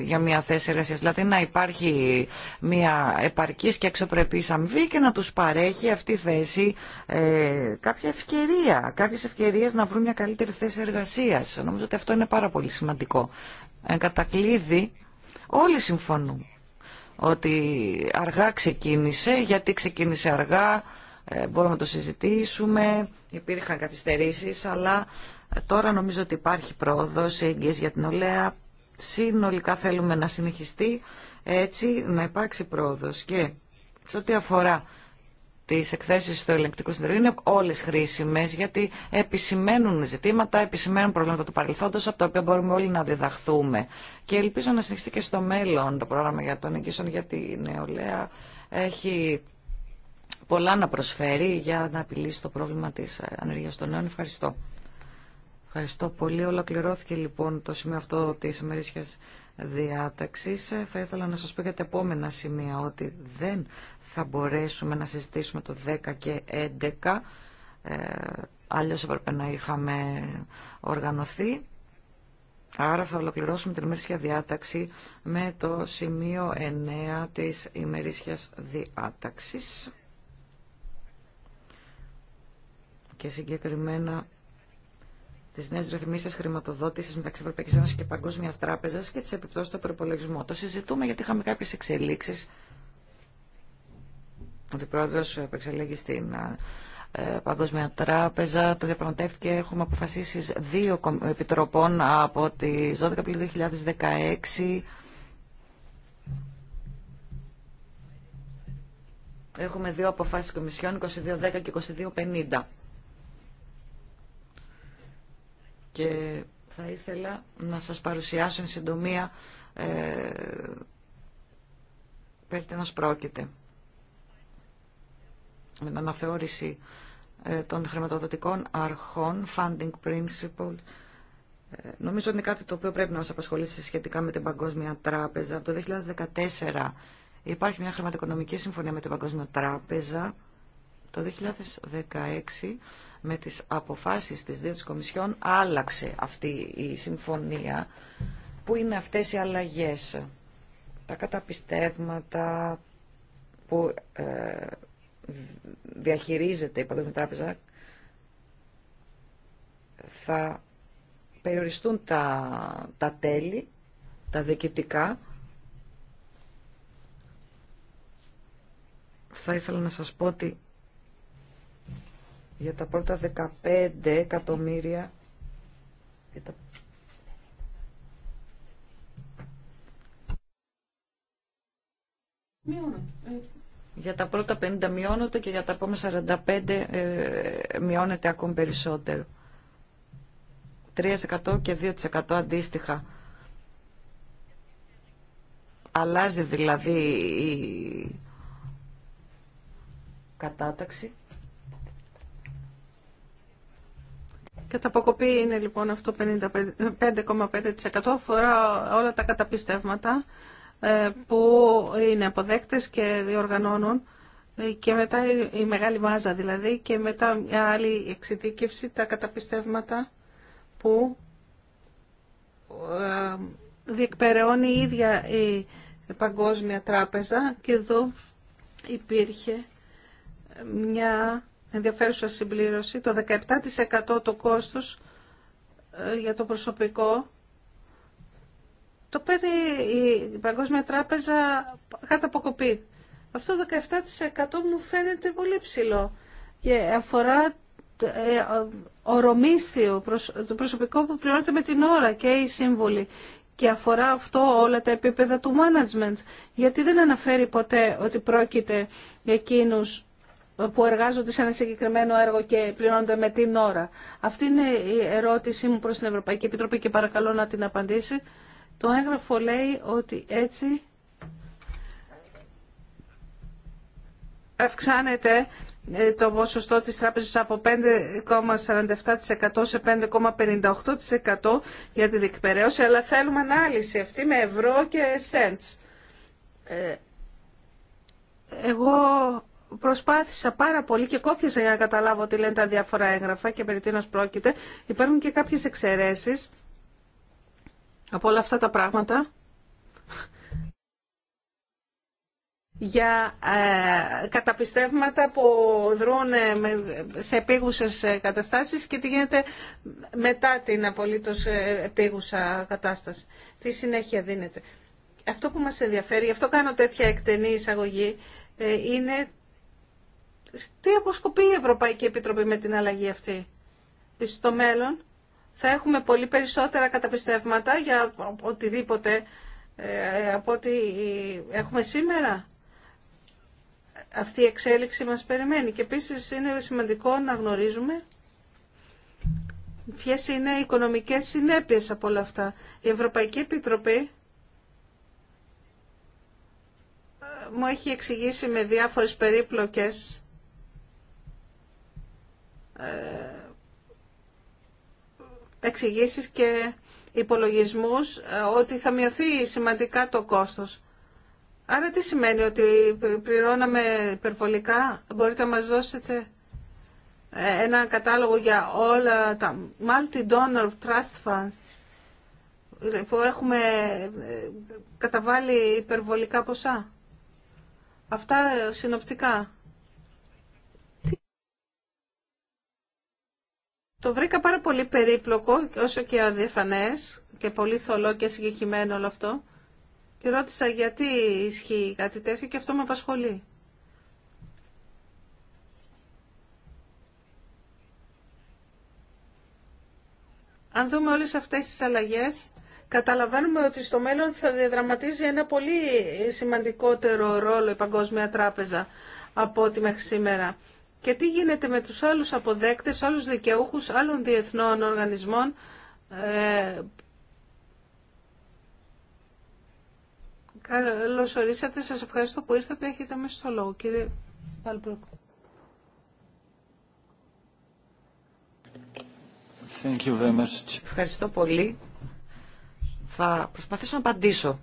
για μια θέση εργασίας. Δηλαδή να υπάρχει μια επαρκής και αξιοπρεπής αμοιβή και να τους παρέχει αυτή η θέση ε, κάποια ευκαιρία, κάποιες ευκαιρίες να βρουν μια καλύτερη θέση εργασίας. Νομίζω ότι αυτό είναι πάρα πολύ σημαντικό. Εν κατακλείδη όλοι συμφωνούν ότι αργά ξεκίνησε, γιατί ξεκίνησε αργά, ε, μπορούμε να το συζητήσουμε, υπήρχαν καθυστερήσεις, αλλά τώρα νομίζω ότι υπάρχει πρόοδος, εγγύες για την ολέα, συνολικά θέλουμε να συνεχιστεί έτσι να υπάρξει πρόοδος και σε ό,τι αφορά τις εκθέσεις στο ελεγκτικό συνεδρίο είναι όλες χρήσιμες γιατί επισημαίνουν ζητήματα, επισημαίνουν προβλήματα του παρελθόντος από τα οποία μπορούμε όλοι να διδαχθούμε. Και ελπίζω να συνεχιστεί και στο μέλλον το πρόγραμμα για τον εγγύσεων γιατί η νεολαία. Έχει πολλά να προσφέρει για να απειλήσει το πρόβλημα της ανεργίας των νέων. Ευχαριστώ. Ευχαριστώ πολύ. Ολοκληρώθηκε λοιπόν το σημείο αυτό της ημερήσιας διάταξης. Θα ήθελα να σας πω για τα επόμενα σημεία ότι δεν θα μπορέσουμε να συζητήσουμε το 10 και 11. Ε, άλλως έπρεπε να είχαμε οργανωθεί. Άρα θα ολοκληρώσουμε την ημερήσια διάταξη με το σημείο 9 της ημερήσιας διάταξης. και συγκεκριμένα τι νέε ρυθμίσει χρηματοδότηση μεταξύ Ευρωπαϊκή Ένωση και Παγκόσμια Τράπεζα και τι επιπτώσει του προπολογισμό. Το συζητούμε γιατί είχαμε κάποιε εξελίξει. Ο πρόεδρο επεξελέγει στην ε, Παγκόσμια Τράπεζα, το διαπραγματεύτηκε. Έχουμε αποφασίσει δύο επιτροπών από τι 12 Απριλίου 2016. Έχουμε δύο αποφάσεις Κομισιόν, 2210 και 2250. και θα ήθελα να σας παρουσιάσω εν συντομία ε, περί πρόκειται. Με την αναθεώρηση ε, των χρηματοδοτικών αρχών, funding principle, ε, νομίζω ότι είναι κάτι το οποίο πρέπει να μας απασχολήσει σχετικά με την Παγκόσμια Τράπεζα. Από το 2014 υπάρχει μια χρηματοοικονομική συμφωνία με την Παγκόσμια Τράπεζα. Το 2016 με τις αποφάσεις της Δίας Κομισιόν άλλαξε αυτή η συμφωνία. Πού είναι αυτές οι αλλαγές, τα καταπιστεύματα που ε, διαχειρίζεται η Παγκόσμια Τράπεζα, θα περιοριστούν τα, τα τέλη, τα διοικητικά, θα ήθελα να σας πω ότι για τα πρώτα 15 εκατομμύρια για τα ε, πρώτα 50 μειώνονται και για τα επόμενα 45 ε, μειώνεται ακόμη περισσότερο. 3% και 2% αντίστοιχα. Αλλάζει δηλαδή η κατάταξη. Καταποκοπή είναι λοιπόν αυτό 5,5% αφορά όλα τα καταπιστεύματα ε, που είναι αποδέκτες και διοργανώνουν ε, και μετά η μεγάλη μάζα δηλαδή και μετά μια άλλη εξειδίκευση τα καταπιστεύματα που ε, διεκπεραιώνει η ίδια η Παγκόσμια Τράπεζα και εδώ υπήρχε μια ενδιαφέρουσα συμπλήρωση, το 17% το κόστος ε, για το προσωπικό το παίρνει η Παγκόσμια Τράπεζα κάτω από Αυτό το 17% μου φαίνεται πολύ ψηλό και αφορά ε, ορομίσθιο, το προσωπικό που πληρώνεται με την ώρα και οι σύμβουλοι. Και αφορά αυτό όλα τα επίπεδα του management, γιατί δεν αναφέρει ποτέ ότι πρόκειται για εκείνους που εργάζονται σε ένα συγκεκριμένο έργο και πληρώνονται με την ώρα. Αυτή είναι η ερώτησή μου προς την Ευρωπαϊκή Επιτροπή και παρακαλώ να την απαντήσει. Το έγγραφο λέει ότι έτσι αυξάνεται ε, το ποσοστό της τράπεζας από 5,47% σε 5,58% για την διεκπαιρέωση, αλλά θέλουμε ανάλυση αυτή με ευρώ και σέντς. Ε, εγώ προσπάθησα πάρα πολύ και κόπιασα για να καταλάβω τι λένε τα διάφορα έγγραφα και περί τίνος πρόκειται. Υπάρχουν και κάποιες εξαιρέσεις από όλα αυτά τα πράγματα για ε, καταπιστεύματα που δρούν ε, σε επίγουσες ε, καταστάσεις και τι γίνεται μετά την απολύτως επίγουσα κατάσταση. Τι συνέχεια δίνεται. Αυτό που μας ενδιαφέρει, γι' αυτό κάνω τέτοια εκτενή εισαγωγή, είναι τι αποσκοπεί η Ευρωπαϊκή Επιτροπή με την αλλαγή αυτή. Στο μέλλον θα έχουμε πολύ περισσότερα καταπιστεύματα για οτιδήποτε ε, από ό,τι έχουμε σήμερα. Αυτή η εξέλιξη μας περιμένει και επίσης είναι σημαντικό να γνωρίζουμε ποιες είναι οι οικονομικές συνέπειες από όλα αυτά. Η Ευρωπαϊκή Επιτροπή ε, μου έχει εξηγήσει με διάφορες περίπλοκες ε, εξηγήσεις και υπολογισμούς ε, ότι θα μειωθεί σημαντικά το κόστος. Άρα τι σημαίνει ότι πληρώναμε υπερβολικά, μπορείτε να μας δώσετε ε, ένα κατάλογο για όλα τα multi-donor trust funds που έχουμε καταβάλει υπερβολικά ποσά. Αυτά συνοπτικά. Το βρήκα πάρα πολύ περίπλοκο, όσο και αδιαφανέ και πολύ θολό και συγκεκριμένο όλο αυτό. Και ρώτησα γιατί ισχύει κάτι τέτοιο και αυτό με απασχολεί. Αν δούμε όλες αυτές τις αλλαγές, καταλαβαίνουμε ότι στο μέλλον θα διαδραματίζει ένα πολύ σημαντικότερο ρόλο η Παγκόσμια Τράπεζα από ό,τι μέχρι σήμερα. Και τι γίνεται με τους άλλους αποδέκτες, άλλους δικαιούχους, άλλων διεθνών οργανισμών ε, ορίσατε. Σας ευχαριστώ που ήρθατε. Έχετε μέσα στο λόγο, κύριε Ευχαριστώ πολύ. Θα προσπαθήσω να απαντήσω.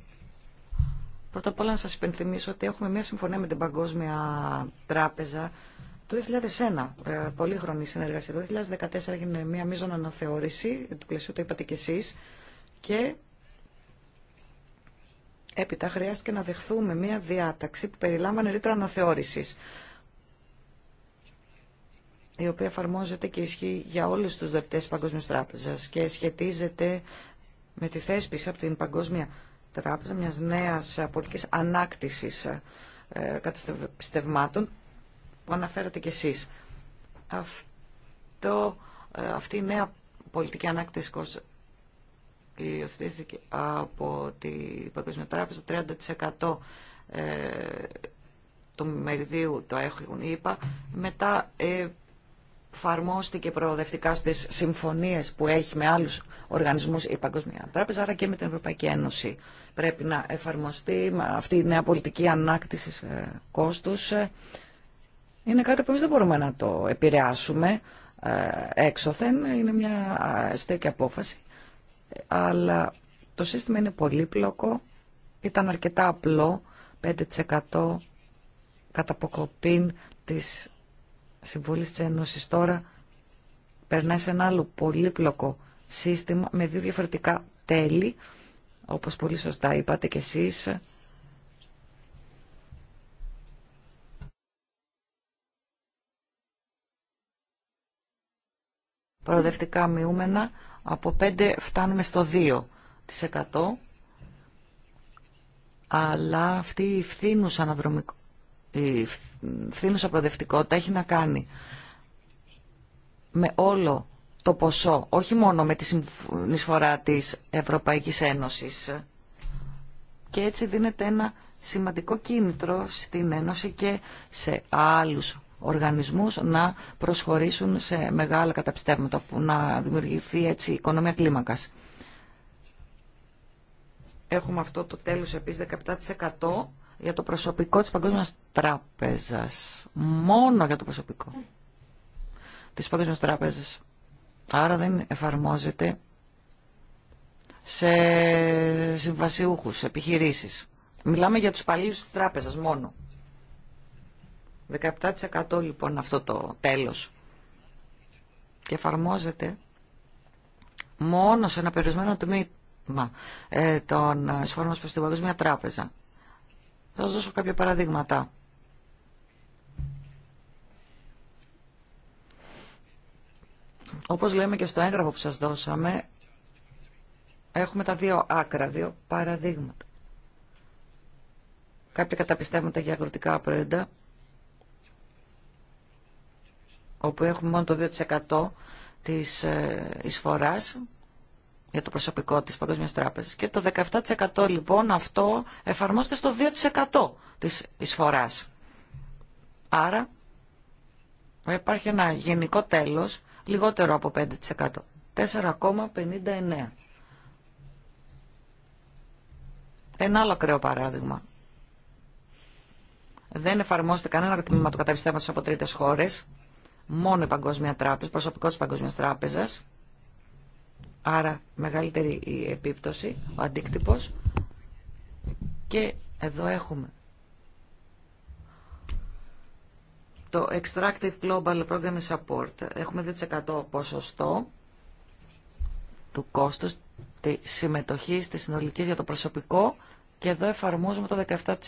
Πρώτα απ' όλα να σας υπενθυμίσω ότι έχουμε μια συμφωνία με την Παγκόσμια Τράπεζα το 2001, ε, χρονή συνεργασία, το 2014 έγινε μια μείζων αναθεώρηση του πλαισίου, το είπατε και εσείς, και έπειτα χρειάστηκε να δεχθούμε μια διάταξη που περιλάμβανε ρήτρα αναθεώρησης η οποία εφαρμόζεται και ισχύει για όλους τους δεπτές της Παγκόσμιας Τράπεζας και σχετίζεται με τη θέσπιση από την Παγκόσμια Τράπεζα μιας νέας πολιτικής ανάκτησης ε, καταστευμάτων που αναφέρατε κι εσείς. Αυτό, ε, αυτή η νέα πολιτική ανάκτηση υιοθετήθηκε από την Παγκόσμια Τράπεζα, 30% του ε, μεριδίου το έχουν είπα, μετά ε, εφαρμόστηκε προοδευτικά στις συμφωνίες που έχει με άλλους οργανισμούς η Παγκόσμια Τράπεζα, αλλά και με την Ευρωπαϊκή Ένωση πρέπει να εφαρμοστεί αυτή η νέα πολιτική ανάκτησης κόστους είναι κάτι που εμείς δεν μπορούμε να το επηρεάσουμε ε, έξωθεν, είναι μια στέκη απόφαση. Αλλά το σύστημα είναι πολύπλοκο, ήταν αρκετά απλό, 5% κατά αποκοπήν της Συμβουλής της Ένωσης τώρα περνάει σε ένα άλλο πολύπλοκο σύστημα με δύο διαφορετικά τέλη, όπως πολύ σωστά είπατε κι εσείς, προοδευτικά μειούμενα από 5 φτάνουμε στο 2% αλλά αυτή η φθήνουσα, αναδρομικο... προοδευτικότητα έχει να κάνει με όλο το ποσό, όχι μόνο με τη συνεισφορά της Ευρωπαϊκής Ένωσης. Και έτσι δίνεται ένα σημαντικό κίνητρο στην Ένωση και σε άλλους οργανισμούς να προσχωρήσουν σε μεγάλα καταπιστεύματα που να δημιουργηθεί έτσι η οικονομία κλίμακας. Έχουμε αυτό το τέλος επίσης 17% για το προσωπικό της Παγκόσμιας Τράπεζας. Μόνο για το προσωπικό της Παγκόσμιας Τράπεζας. Άρα δεν εφαρμόζεται σε συμβασιούχους, επιχειρήσεις. Μιλάμε για τους παλίους της τράπεζας μόνο. 17% λοιπόν αυτό το τέλος. Και εφαρμόζεται μόνο σε ένα περιορισμένο τμήμα ε, των εισφορών προς την Παγκόσμια Τράπεζα. Θα σας δώσω κάποια παραδείγματα. Όπως λέμε και στο έγγραφο που σας δώσαμε, έχουμε τα δύο άκρα, δύο παραδείγματα. Κάποια καταπιστεύματα για αγροτικά προϊόντα, όπου έχουμε μόνο το 2% της ε, εισφοράς για το προσωπικό της Παγκόσμιας Τράπεζας. Και το 17% λοιπόν αυτό εφαρμόζεται στο 2% της εισφοράς. Άρα υπάρχει ένα γενικό τέλος λιγότερο από 5%. 4,59. Ένα άλλο ακραίο παράδειγμα. Δεν εφαρμόζεται κανένα τμήμα του καταπιστέματο από τρίτες χώρε μόνο η Παγκόσμια Τράπεζα, προσωπικό τη παγκόσμια Τράπεζας, άρα μεγαλύτερη η επίπτωση, ο αντίκτυπος και εδώ έχουμε το Extractive Global Program Support. Έχουμε 2% ποσοστό του κόστους τη συμμετοχή τη συνολική για το προσωπικό και εδώ εφαρμόζουμε το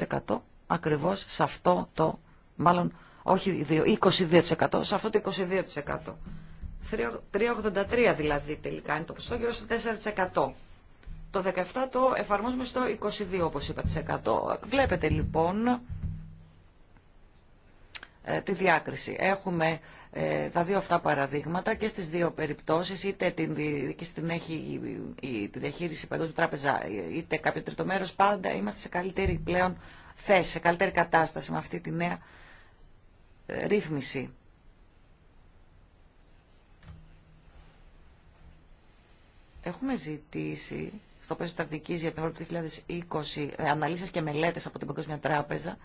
17% ακριβώς σε αυτό το, μάλλον όχι 22%, σε αυτό το 22%. 3,83 δηλαδή τελικά είναι το ποσό, γύρω στο 4%. Το 17 το εφαρμόζουμε στο 22 όπως είπα 100. Βλέπετε λοιπόν ε, τη διάκριση. Έχουμε ε, τα δύο αυτά παραδείγματα και στις δύο περιπτώσεις, είτε την, και στην έχει η, τη διαχείριση παντός τράπεζα, είτε κάποιο τρίτο μέρος, πάντα είμαστε σε καλύτερη πλέον θέση, σε καλύτερη κατάσταση με αυτή τη νέα ρύθμιση. Έχουμε ζητήσει στο πλαίσιο στρατηγική για την Ευρώπη 2020 ε, αναλύσεις και μελέτες από την Παγκόσμια Τράπεζα.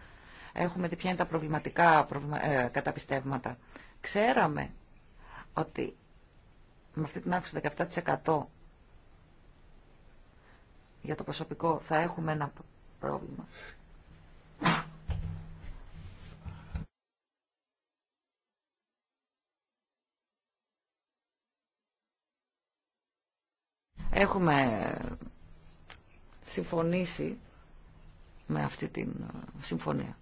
Έχουμε δει ποια είναι τα προβληματικά ε, καταπιστεύματα. Ξέραμε ότι με αυτή την αύξηση 17% για το προσωπικό θα έχουμε ένα πρόβλημα. Έχουμε συμφωνήσει με αυτή την ε, συμφωνία.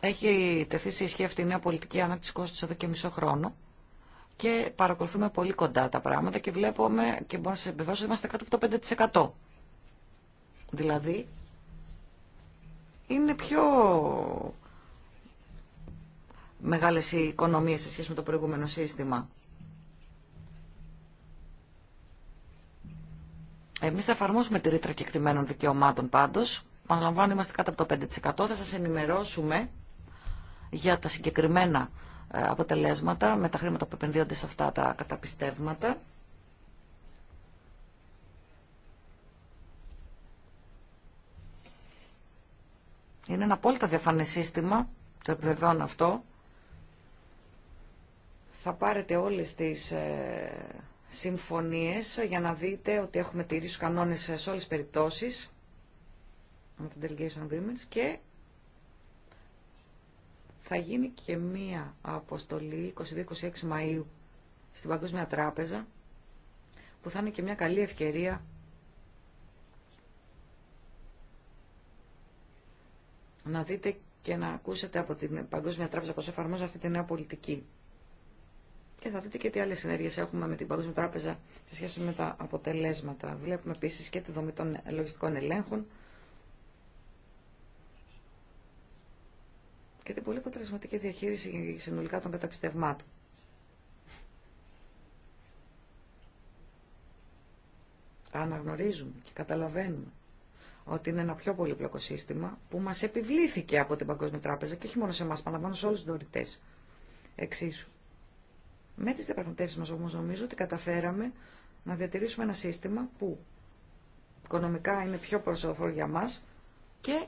Έχει τεθεί σε ισχύ αυτή η νέα πολιτική ανάπτυξη κόστο εδώ και μισό χρόνο και παρακολουθούμε πολύ κοντά τα πράγματα και βλέπουμε και μπορώ να σα επιβεβαιώσω ότι είμαστε κάτω από το 5%. Δηλαδή, είναι πιο μεγάλες οι οικονομίες σε σχέση με το προηγούμενο σύστημα. Εμείς θα εφαρμόσουμε τη ρήτρα κεκτημένων δικαιωμάτων πάντως. Παναλαμβάνω, είμαστε κάτω από το 5%. Θα σας ενημερώσουμε για τα συγκεκριμένα ε, αποτελέσματα με τα χρήματα που επενδύονται σε αυτά τα καταπιστεύματα. Είναι ένα απόλυτα διαφανές σύστημα, το επιβεβαιώνω αυτό. Θα πάρετε όλες τις ε, συμφωνίες για να δείτε ότι έχουμε τηρήσει τους κανόνες σε όλες τις περιπτώσεις με τα delegation agreements και θα γίνει και μία αποστολή 22-26 Μαΐου στην Παγκόσμια Τράπεζα που θα είναι και μια καλή ευκαιρία να δείτε και να ακούσετε από την Παγκόσμια Τράπεζα πώς εφαρμόζει αυτή τη νέα πολιτική. Και θα δείτε και τι άλλε ενέργειε έχουμε με την Παγκόσμια Τράπεζα σε σχέση με τα αποτελέσματα. Βλέπουμε επίση και τη δομή των λογιστικών ελέγχων και την πολύ αποτελεσματική διαχείριση συνολικά των καταπιστευμάτων. Αναγνωρίζουμε και καταλαβαίνουμε ότι είναι ένα πιο πολύπλοκο σύστημα που μας επιβλήθηκε από την Παγκόσμια Τράπεζα και όχι μόνο σε εμάς, παραλαμβάνω σε όλους τους δωρητές. Εξίσου. Με τις διαπραγματεύσεις μας όμως νομίζω ότι καταφέραμε να διατηρήσουμε ένα σύστημα που οικονομικά είναι πιο προσωφόρο για μας και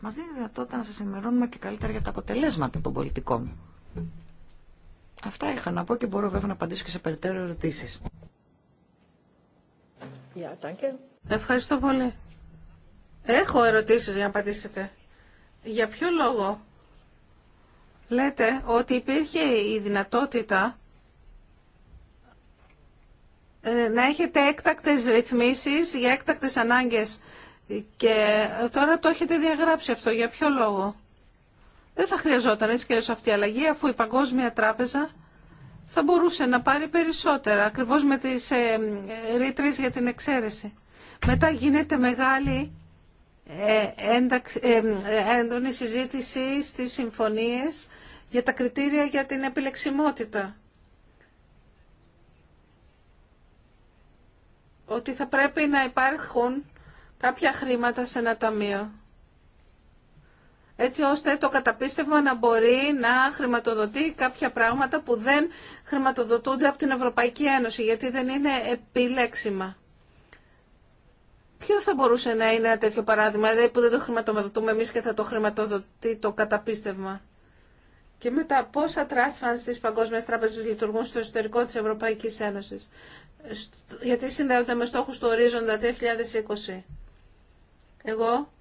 μας δίνει δυνατότητα να σας ενημερώνουμε και καλύτερα για τα αποτελέσματα των πολιτικών. Αυτά είχα να πω και μπορώ βέβαια να απαντήσω και σε περαιτέρω ερωτήσεις. Yeah, Ευχαριστώ πολύ. Έχω ερωτήσεις για να απαντήσετε. Για ποιο λόγο λέτε ότι υπήρχε η δυνατότητα ε, να έχετε έκτακτες ρυθμίσεις για έκτακτες ανάγκες και τώρα το έχετε διαγράψει αυτό. Για ποιο λόγο. Δεν θα χρειαζόταν έτσι και αυτή η αλλαγή αφού η Παγκόσμια Τράπεζα θα μπορούσε να πάρει περισσότερα ακριβώς με τις ε, ρήτρες για την εξαίρεση. Μετά γίνεται μεγάλη ε, ε, έντονη συζήτηση στις συμφωνίες για τα κριτήρια για την επιλεξιμότητα. Ότι θα πρέπει να υπάρχουν κάποια χρήματα σε ένα ταμείο έτσι ώστε το καταπίστευμα να μπορεί να χρηματοδοτεί κάποια πράγματα που δεν χρηματοδοτούνται από την Ευρωπαϊκή Ένωση, γιατί δεν είναι επιλέξιμα. Ποιο θα μπορούσε να είναι ένα τέτοιο παράδειγμα, δηλαδή που δεν το χρηματοδοτούμε εμείς και θα το χρηματοδοτεί το καταπίστευμα. Και μετά, πόσα trust funds της Παγκόσμιας Τράπεζας λειτουργούν στο εσωτερικό της Ευρωπαϊκής Ένωσης, γιατί συνδέονται με στόχους του ορίζοντα 2020. Εγώ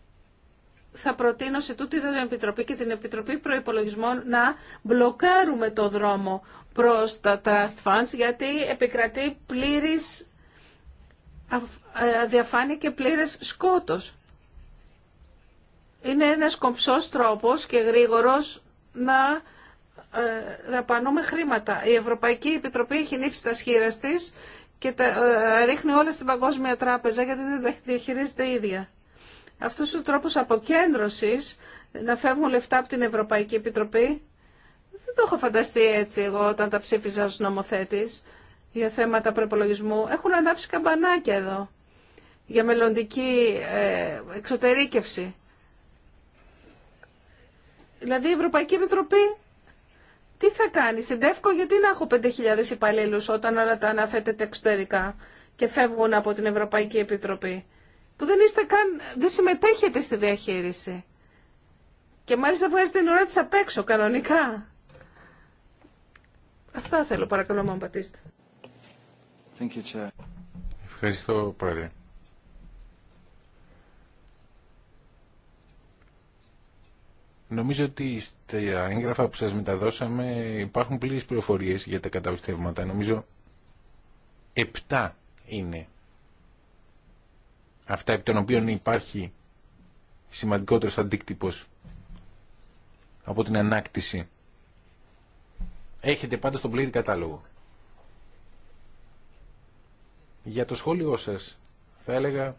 θα προτείνω σε τούτη την Επιτροπή και την Επιτροπή Προϋπολογισμών να μπλοκάρουμε το δρόμο προς τα trust funds, γιατί επικρατεί πλήρης αδιαφάνει ε, και πλήρες σκότος. Είναι ένας κομψός τρόπος και γρήγορος να δαπανούμε ε, χρήματα. Η Ευρωπαϊκή Επιτροπή έχει νύψει τα σχήρα τη και τα ε, ρίχνει όλα στην Παγκόσμια Τράπεζα γιατί δεν τα διαχειρίζεται ίδια. Αυτός ο τρόπος αποκέντρωσης να φεύγουν λεφτά από την Ευρωπαϊκή Επιτροπή δεν το έχω φανταστεί έτσι εγώ όταν τα ψήφιζα ως νομοθέτης για θέματα προπολογισμού έχουν ανάψει καμπανάκια εδώ για μελλοντική ε, εξωτερήκευση. Δηλαδή η Ευρωπαϊκή Επιτροπή τι θα κάνει στην ΤΕΦΚΟ γιατί να έχω 5.000 υπαλλήλου όταν όλα τα αναθέτεται εξωτερικά και φεύγουν από την Ευρωπαϊκή Επιτροπή που δεν είστε καν, δεν συμμετέχετε στη διαχείριση. Και μάλιστα βγάζετε την ώρα της απ' έξω κανονικά. Αυτά θέλω παρακαλώ μου πατήστε. Ευχαριστώ, Πρόεδρε. Νομίζω ότι στα έγγραφα που σας μεταδώσαμε υπάρχουν πλήρες πληροφορίες για τα καταπιστεύματα. Νομίζω 7 είναι αυτά επί των οποίων υπάρχει σημαντικότερος αντίκτυπος από την ανάκτηση. Έχετε πάντα στον πλήρη κατάλογο για το σχόλιο σας θα έλεγα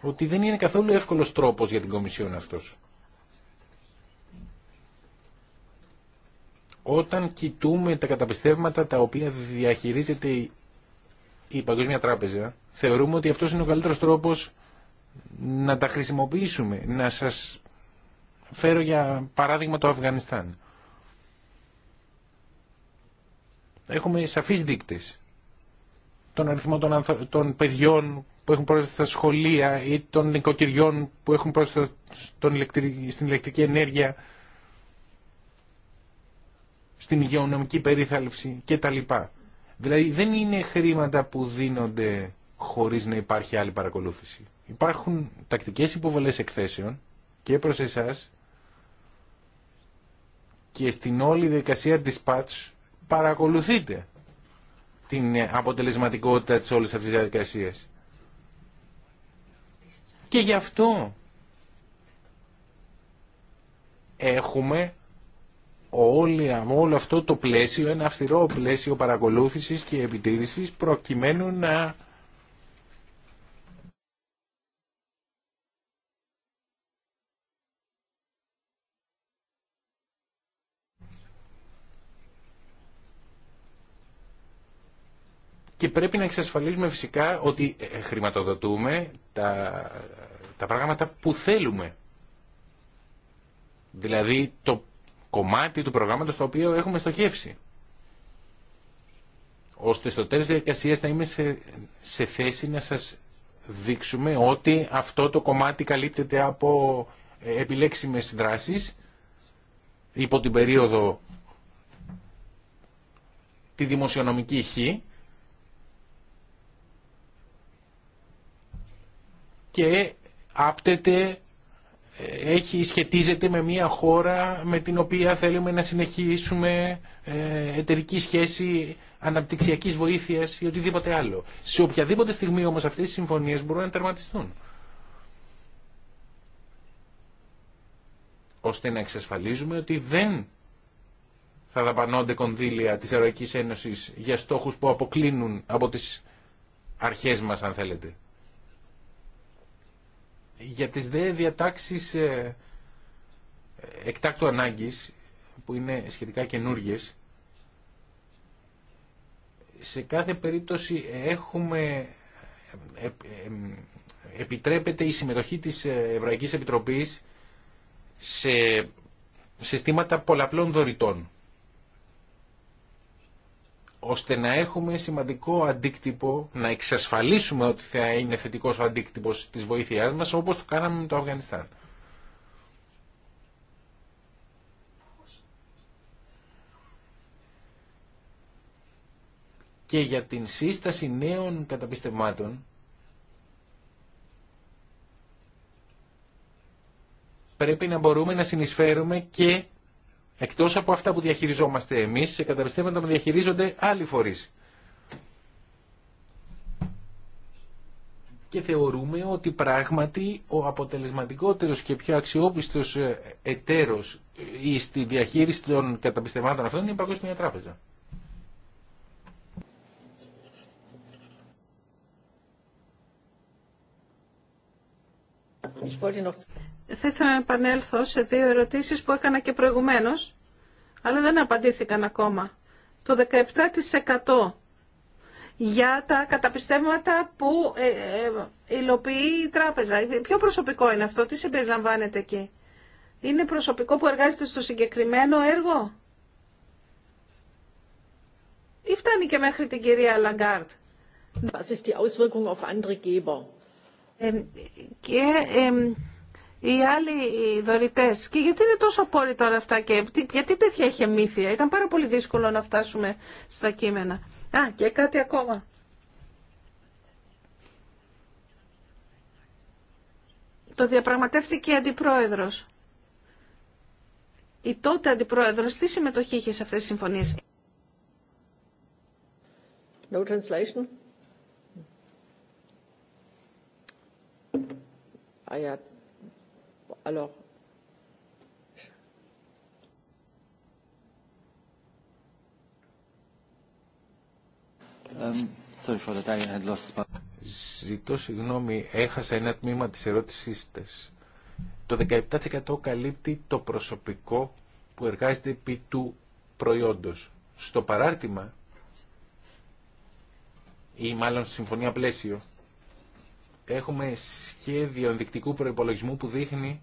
ότι δεν είναι καθόλου εύκολος τρόπος για την Κομισιόν αυτός. Όταν κοιτούμε τα καταπιστεύματα τα οποία διαχειρίζεται η Παγκόσμια Τράπεζα, θεωρούμε ότι αυτός είναι ο καλύτερος τρόπος να τα χρησιμοποιήσουμε. Να σας φέρω για παράδειγμα το Αφγανιστάν. Έχουμε σαφείς δείκτες τον αριθμό των, των παιδιών που έχουν πρόσβαση στα σχολεία ή των νοικοκυριών που έχουν πρόσβαση στην ηλεκτρική ενέργεια, στην υγειονομική περίθαλψη κτλ. Δηλαδή δεν είναι χρήματα που δίνονται χωρίς να υπάρχει άλλη παρακολούθηση. Υπάρχουν τακτικές υποβολές εκθέσεων και προς εσάς και στην όλη διαδικασία dispatch παρακολουθείτε την αποτελεσματικότητα της όλης αυτής της διαδικασίας. Και γι' αυτό έχουμε όλη, όλο αυτό το πλαίσιο, ένα αυστηρό πλαίσιο παρακολούθησης και επιτήρησης προκειμένου να και πρέπει να εξασφαλίσουμε φυσικά ότι ε, χρηματοδοτούμε τα, τα πράγματα που θέλουμε. Δηλαδή το κομμάτι του προγράμματος το οποίο έχουμε στοχεύσει. Ώστε στο τέλος διαδικασίας να είμαι σε, θέση να σας δείξουμε ότι αυτό το κομμάτι καλύπτεται από ε, επιλέξιμες δράσεις υπό την περίοδο τη δημοσιονομική χ και άπτεται, ε, έχει, σχετίζεται με μια χώρα με την οποία θέλουμε να συνεχίσουμε ε, εταιρική σχέση αναπτυξιακής βοήθειας ή οτιδήποτε άλλο. Σε οποιαδήποτε στιγμή όμως αυτές οι συμφωνίες μπορούν να τερματιστούν. ώστε να εξασφαλίζουμε ότι δεν θα δαπανώνται κονδύλια της Ευρωπαϊκής Ένωσης για στόχους που αποκλίνουν από τις αρχές μας, αν θέλετε. Για τις δε διατάξεις ε, εκτάκτου ανάγκης, που είναι σχετικά καινούργιες, σε κάθε περίπτωση έχουμε, ε, ε, επιτρέπεται η συμμετοχή της Ευρωπαϊκής Επιτροπής σε συστήματα πολλαπλών δωρητών ώστε να έχουμε σημαντικό αντίκτυπο, να εξασφαλίσουμε ότι θα είναι θετικός ο αντίκτυπος της βοήθειάς μας, όπως το κάναμε με το Αφγανιστάν. και για την σύσταση νέων καταπιστευμάτων πρέπει να μπορούμε να συνεισφέρουμε και Εκτός από αυτά που διαχειριζόμαστε εμείς, σε καταπιστεύματα που διαχειρίζονται άλλοι φορείς. Και θεωρούμε ότι πράγματι ο αποτελεσματικότερος και πιο αξιόπιστος ε, εταίρος στη ε, διαχείριση των καταπιστευμάτων αυτών είναι η Παγκόσμια Τράπεζα. Θα ήθελα να επανέλθω σε δύο ερωτήσεις που έκανα και προηγουμένως, αλλά δεν απαντήθηκαν ακόμα. Το 17% για τα καταπιστεύματα που ε, ε, υλοποιεί η τράπεζα. Ποιο προσωπικό είναι αυτό, τι συμπεριλαμβάνεται εκεί. Είναι προσωπικό που εργάζεται στο συγκεκριμένο έργο ή φτάνει και μέχρι την κυρία Λαγκάρτ. Was ist die Auswirkung ε, ε, οι άλλοι οι δωρητές. Και γιατί είναι τόσο απόρριτο τώρα αυτά και γιατί τέτοια είχε μύθια. Ήταν πάρα πολύ δύσκολο να φτάσουμε στα κείμενα. Α, και κάτι ακόμα. Το διαπραγματεύτηκε η αντιπρόεδρος. Η τότε αντιπρόεδρος τι συμμετοχή είχε σε αυτές τις συμφωνίες. No translation. Um, Ζητώ συγγνώμη, έχασα ένα τμήμα της ερώτησής της. Το 17% καλύπτει το προσωπικό που εργάζεται επί του προϊόντος. Στο παράρτημα, ή μάλλον συμφωνία πλαίσιο, έχουμε σχέδιο ενδεικτικού προϋπολογισμού που δείχνει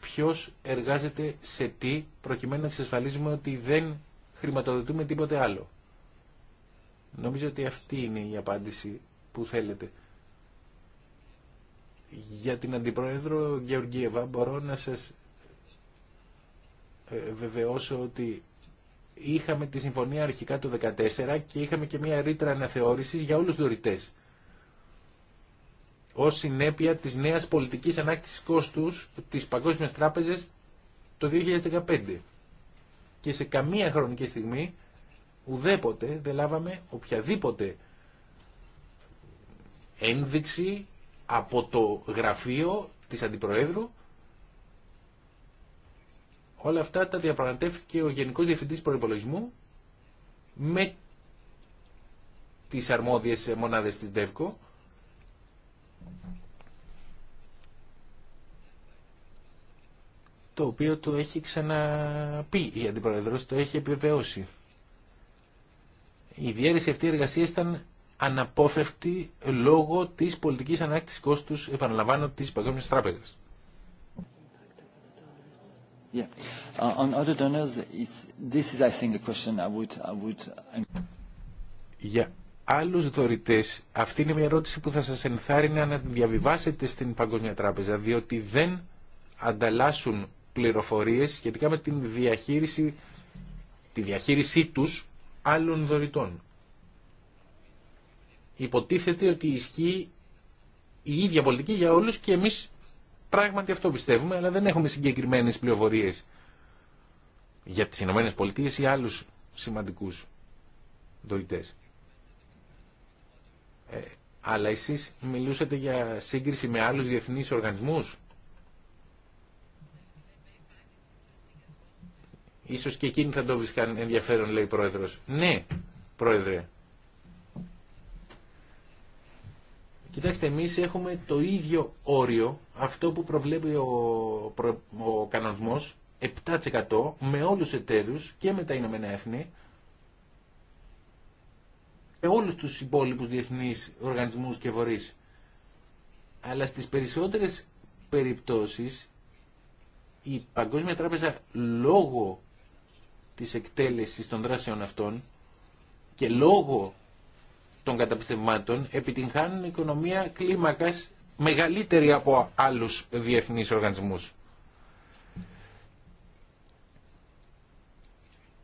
ποιος εργάζεται σε τι προκειμένου να εξασφαλίζουμε ότι δεν χρηματοδοτούμε τίποτε άλλο. Νομίζω ότι αυτή είναι η απάντηση που θέλετε. Για την Αντιπρόεδρο Γεωργίευα μπορώ να σας ε, βεβαιώσω ότι είχαμε τη συμφωνία αρχικά του 2014 και είχαμε και μια ρήτρα αναθεώρησης για όλους τους δωρητές. Ως συνέπεια της νέας πολιτικής ανάκτησης κόστους της Παγκόσμιας Τράπεζας το 2015. Και σε καμία χρονική στιγμή ουδέποτε δεν λάβαμε οποιαδήποτε ένδειξη από το γραφείο της Αντιπροέδρου Όλα αυτά τα διαπραγματεύτηκε ο Γενικός Διευθυντής Προϋπολογισμού με τις αρμόδιες μονάδες της ΔΕΒΚΟ το οποίο το έχει ξαναπεί η Αντιπρόεδρος, το έχει επιβεβαιώσει. Η διέρεση αυτή εργασία ήταν αναπόφευκτη λόγω της πολιτικής ανάκτησης κόστους, επαναλαμβάνω, της Παγκόσμιας Τράπεζας. Yeah. On Για άλλους δωρητές, αυτή είναι μια ερώτηση που θα σας ενθάρρυνε να την διαβιβάσετε στην Παγκόσμια Τράπεζα, διότι δεν ανταλλάσσουν πληροφορίες σχετικά με την διαχείριση, τη διαχείρισή τους άλλων δωρητών. Υποτίθεται ότι ισχύει η ίδια πολιτική για όλους και εμείς Πράγματι αυτό πιστεύουμε, αλλά δεν έχουμε συγκεκριμένες πληροφορίε για τις ΗΠΑ ή άλλους σημαντικούς δωρητέ. Ε, αλλά εσεί μιλούσατε για σύγκριση με άλλους διεθνεί οργανισμούς. Ίσως και εκείνοι θα το βρίσκαν ενδιαφέρον, λέει ο Πρόεδρος. Ναι, Πρόεδρε, Κοιτάξτε, εμείς έχουμε το ίδιο όριο, αυτό που προβλέπει ο, ο κανονισμός, 7% με όλους τους εταίρους και με τα Ηνωμένα Έθνη, με όλους τους υπόλοιπους διεθνείς οργανισμούς και φορείς. Αλλά στις περισσότερες περιπτώσεις η Παγκόσμια Τράπεζα λόγω της εκτέλεσης των δράσεων αυτών και λόγω των καταπιστευμάτων επιτυγχάνουν οικονομία κλίμακας μεγαλύτερη από άλλους διεθνείς οργανισμούς.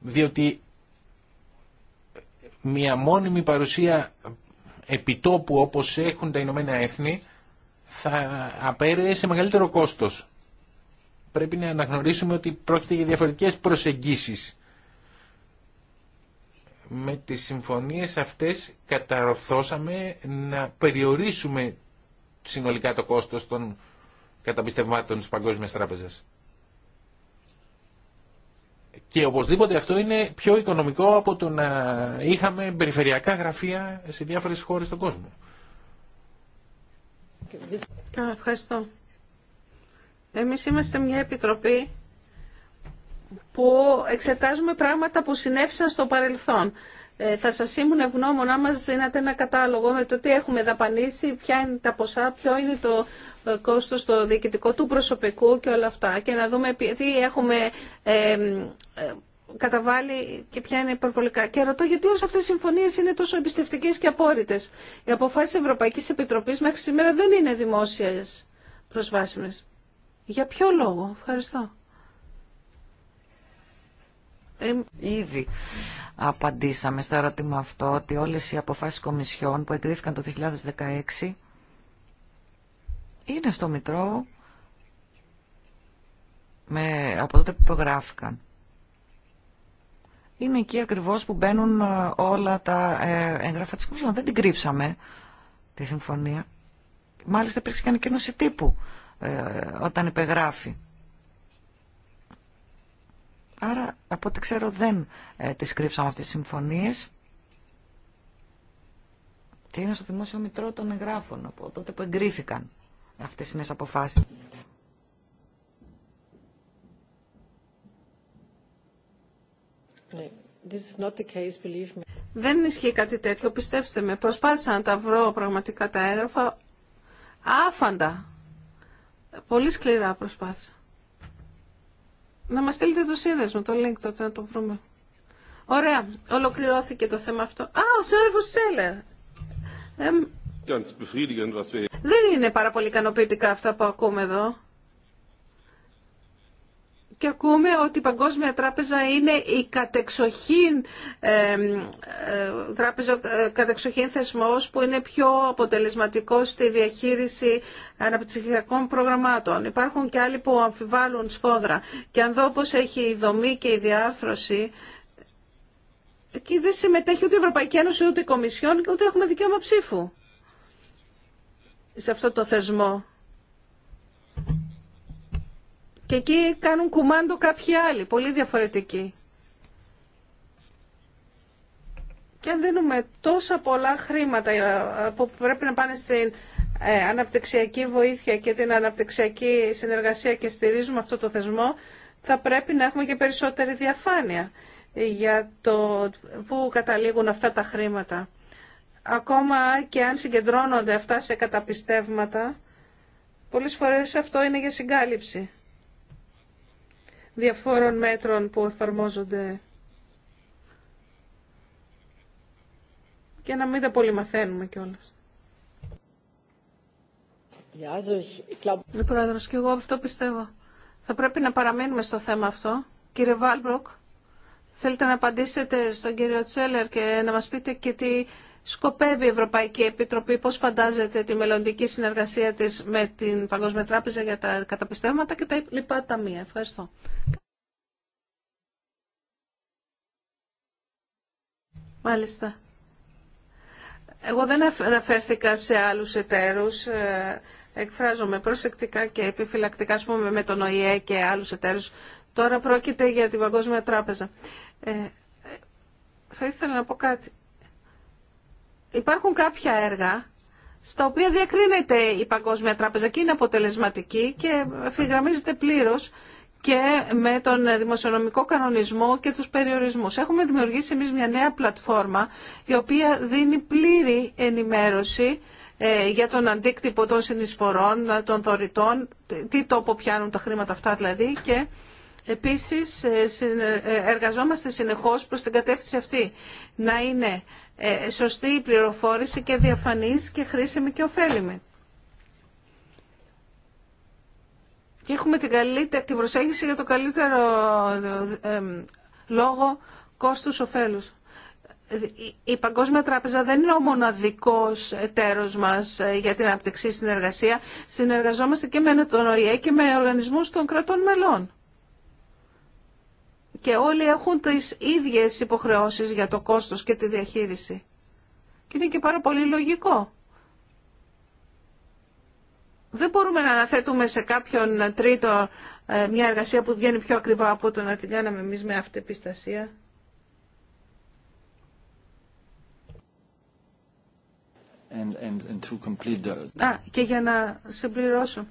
Διότι μια μόνιμη παρουσία επιτόπου όπως έχουν τα Ηνωμένα Έθνη θα απέρεε σε μεγαλύτερο κόστος. Πρέπει να αναγνωρίσουμε ότι πρόκειται για διαφορετικές προσεγγίσεις με τις συμφωνίες αυτές καταρθώσαμε να περιορίσουμε συνολικά το κόστος των καταπιστευμάτων της Παγκόσμιας Τράπεζας. Και οπωσδήποτε αυτό είναι πιο οικονομικό από το να είχαμε περιφερειακά γραφεία σε διάφορες χώρες στον κόσμο. Ευχαριστώ. Εμείς είμαστε μια επιτροπή που εξετάζουμε πράγματα που συνέβησαν στο παρελθόν. Ε, θα σα ήμουν ευγνώμων να μας δίνατε ένα κατάλογο με το τι έχουμε δαπανίσει, ποια είναι τα ποσά, ποιο είναι το ε, κόστος το διοικητικό του προσωπικού και όλα αυτά. Και να δούμε τι έχουμε ε, ε, καταβάλει και ποια είναι υπερβολικά. Και ρωτώ γιατί όσες αυτέ οι συμφωνίες είναι τόσο εμπιστευτικέ και απόρριτε. Οι αποφάσει Ευρωπαϊκής Επιτροπής μέχρι σήμερα δεν είναι δημόσιες προσβάσιμες. Για ποιο λόγο, ευχαριστώ. Ήδη απαντήσαμε στο ερώτημα αυτό ότι όλες οι αποφάσεις κομισιών που εγκρίθηκαν το 2016 είναι στο Μητρό με, από τότε που υπογράφηκαν. Είναι εκεί ακριβώς που μπαίνουν ε, όλα τα ε, έγγραφα της Κομισιόν. Δεν την κρύψαμε τη συμφωνία. Μάλιστα υπήρξε και ανακοίνωση τύπου ε, όταν υπεγράφει Άρα, από ό,τι ξέρω, δεν ε, τις κρύψαμε αυτές τις συμφωνίες. Και είναι στο δημόσιο μητρό των εγγράφων από τότε που εγκρίθηκαν αυτές οι νέες αποφάσεις. Ναι, this is not the case, believe me. Δεν ισχύει κάτι τέτοιο, πιστέψτε με. Προσπάθησα να τα βρω πραγματικά τα έγγραφα άφαντα. Πολύ σκληρά προσπάθησα. Να μας στείλετε το σύνδεσμο, το link τότε να το βρούμε. Ωραία, ολοκληρώθηκε το θέμα αυτό. Α, ο σύνδεσμος Σέλερ. Δεν είναι πάρα πολύ ικανοποιητικά αυτά που ακούμε εδώ και ακούμε ότι η Παγκόσμια Τράπεζα είναι η κατεξοχήν, ε, τράπεζα, ε, κατεξοχήν θεσμός που είναι πιο αποτελεσματικός στη διαχείριση αναπτυξιακών προγραμμάτων. Υπάρχουν και άλλοι που αμφιβάλλουν σφόδρα. Και αν δω πώς έχει η δομή και η διάρθρωση, εκεί δεν συμμετέχει ούτε η Ευρωπαϊκή Ένωση, ούτε η Κομισιόν, ούτε έχουμε δικαίωμα ψήφου σε αυτό το θεσμό. Και εκεί κάνουν κουμάντο κάποιοι άλλοι, πολύ διαφορετικοί. Και αν δίνουμε τόσα πολλά χρήματα που πρέπει να πάνε στην ε, αναπτυξιακή βοήθεια και την αναπτυξιακή συνεργασία και στηρίζουμε αυτό το θεσμό, θα πρέπει να έχουμε και περισσότερη διαφάνεια για το πού καταλήγουν αυτά τα χρήματα. Ακόμα και αν συγκεντρώνονται αυτά σε καταπιστεύματα, πολλές φορές αυτό είναι για συγκάλυψη διαφόρων μέτρων που εφαρμόζονται και να μην τα πολύ μαθαίνουμε κιόλας. Λοιπόν, Πρόεδρος, και εγώ αυτό πιστεύω. Θα πρέπει να παραμείνουμε στο θέμα αυτό. Κύριε Βάλμπροκ, θέλετε να απαντήσετε στον κύριο Τσέλερ και να μας πείτε και τι σκοπεύει η Ευρωπαϊκή Επιτροπή, πώς φαντάζεται τη μελλοντική συνεργασία της με την Παγκόσμια Τράπεζα για τα καταπιστεύματα και τα λοιπά ταμεία. Ευχαριστώ. Μάλιστα. Εγώ δεν αναφέρθηκα σε άλλους εταίρους. Ε, εκφράζομαι προσεκτικά και επιφυλακτικά, ας με τον ΟΗΕ και άλλους εταίρους. Τώρα πρόκειται για την Παγκόσμια Τράπεζα. Ε, ε θα ήθελα να πω κάτι υπάρχουν κάποια έργα στα οποία διακρίνεται η Παγκόσμια Τράπεζα και είναι αποτελεσματική και ευθυγραμμίζεται πλήρως και με τον δημοσιονομικό κανονισμό και τους περιορισμούς. Έχουμε δημιουργήσει εμείς μια νέα πλατφόρμα η οποία δίνει πλήρη ενημέρωση ε, για τον αντίκτυπο των συνεισφορών, των δωρητών, τι τόπο πιάνουν τα χρήματα αυτά δηλαδή και Επίσης, ε, ε, ε, εργαζόμαστε συνεχώς προς την κατεύθυνση αυτή. Να είναι σωστή η πληροφόρηση και διαφανής και χρήσιμη και ωφέλιμη. Και έχουμε την, την προσέγγιση για το καλύτερο λόγο κόστους-οφέλους. Η Παγκόσμια Τράπεζα δεν είναι ο μοναδικός εταίρος μας για την αναπτυξή συνεργασία. Συνεργαζόμαστε και με τον ΟΗΕ και με οργανισμούς των κρατών μελών και όλοι έχουν τις ίδιες υποχρεώσεις για το κόστος και τη διαχείριση. Και είναι και πάρα πολύ λογικό. Δεν μπορούμε να αναθέτουμε σε κάποιον τρίτο ε, μια εργασία που βγαίνει πιο ακριβά από το να την κάναμε εμείς με αυτεπιστασία. And, and, and to complete the... και για να συμπληρώσω,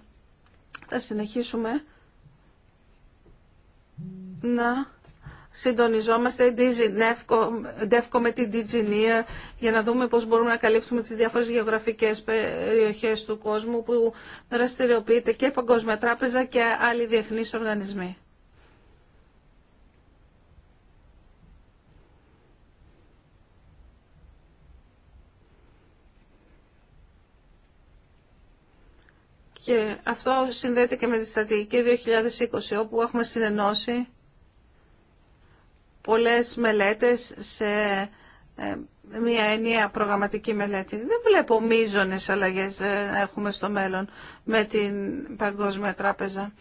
θα συνεχίσουμε να συντονιζόμαστε DEFCO με την DGNIR για να δούμε πώς μπορούμε να καλύψουμε τις διάφορες γεωγραφικές περιοχές του κόσμου που δραστηριοποιείται και η Παγκόσμια Τράπεζα και άλλοι διεθνείς οργανισμοί. Και αυτό συνδέεται και με τη στρατηγική 2020, όπου έχουμε συνενώσει πολλές μελέτες σε ε, μια ενιαία προγραμματική μελέτη. Δεν βλέπω μείζονες αλλαγές ε, να έχουμε στο μέλλον με την Παγκόσμια Τράπεζα.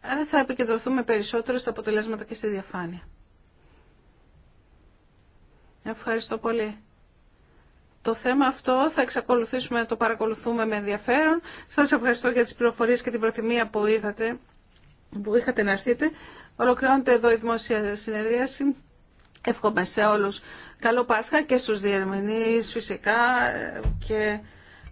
Αλλά θα επικεντρωθούμε περισσότερο στα αποτελέσματα και στη διαφάνεια. Ευχαριστώ πολύ. Το θέμα αυτό θα εξακολουθήσουμε να το παρακολουθούμε με ενδιαφέρον. Σας ευχαριστώ για τις πληροφορίες και την προθυμία που που είχατε να έρθετε. Ολοκληρώνεται εδώ η δημόσια συνεδρίαση. Εύχομαι σε όλους καλό Πάσχα και στους διερμηνείς φυσικά και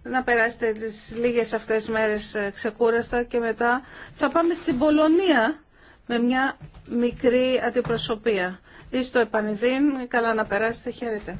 να περάσετε τις λίγες αυτές μέρες ξεκούραστα και μετά θα πάμε στην Πολωνία με μια μικρή αντιπροσωπεία. Είστε επανειδήν, καλά να περάσετε, χαίρετε.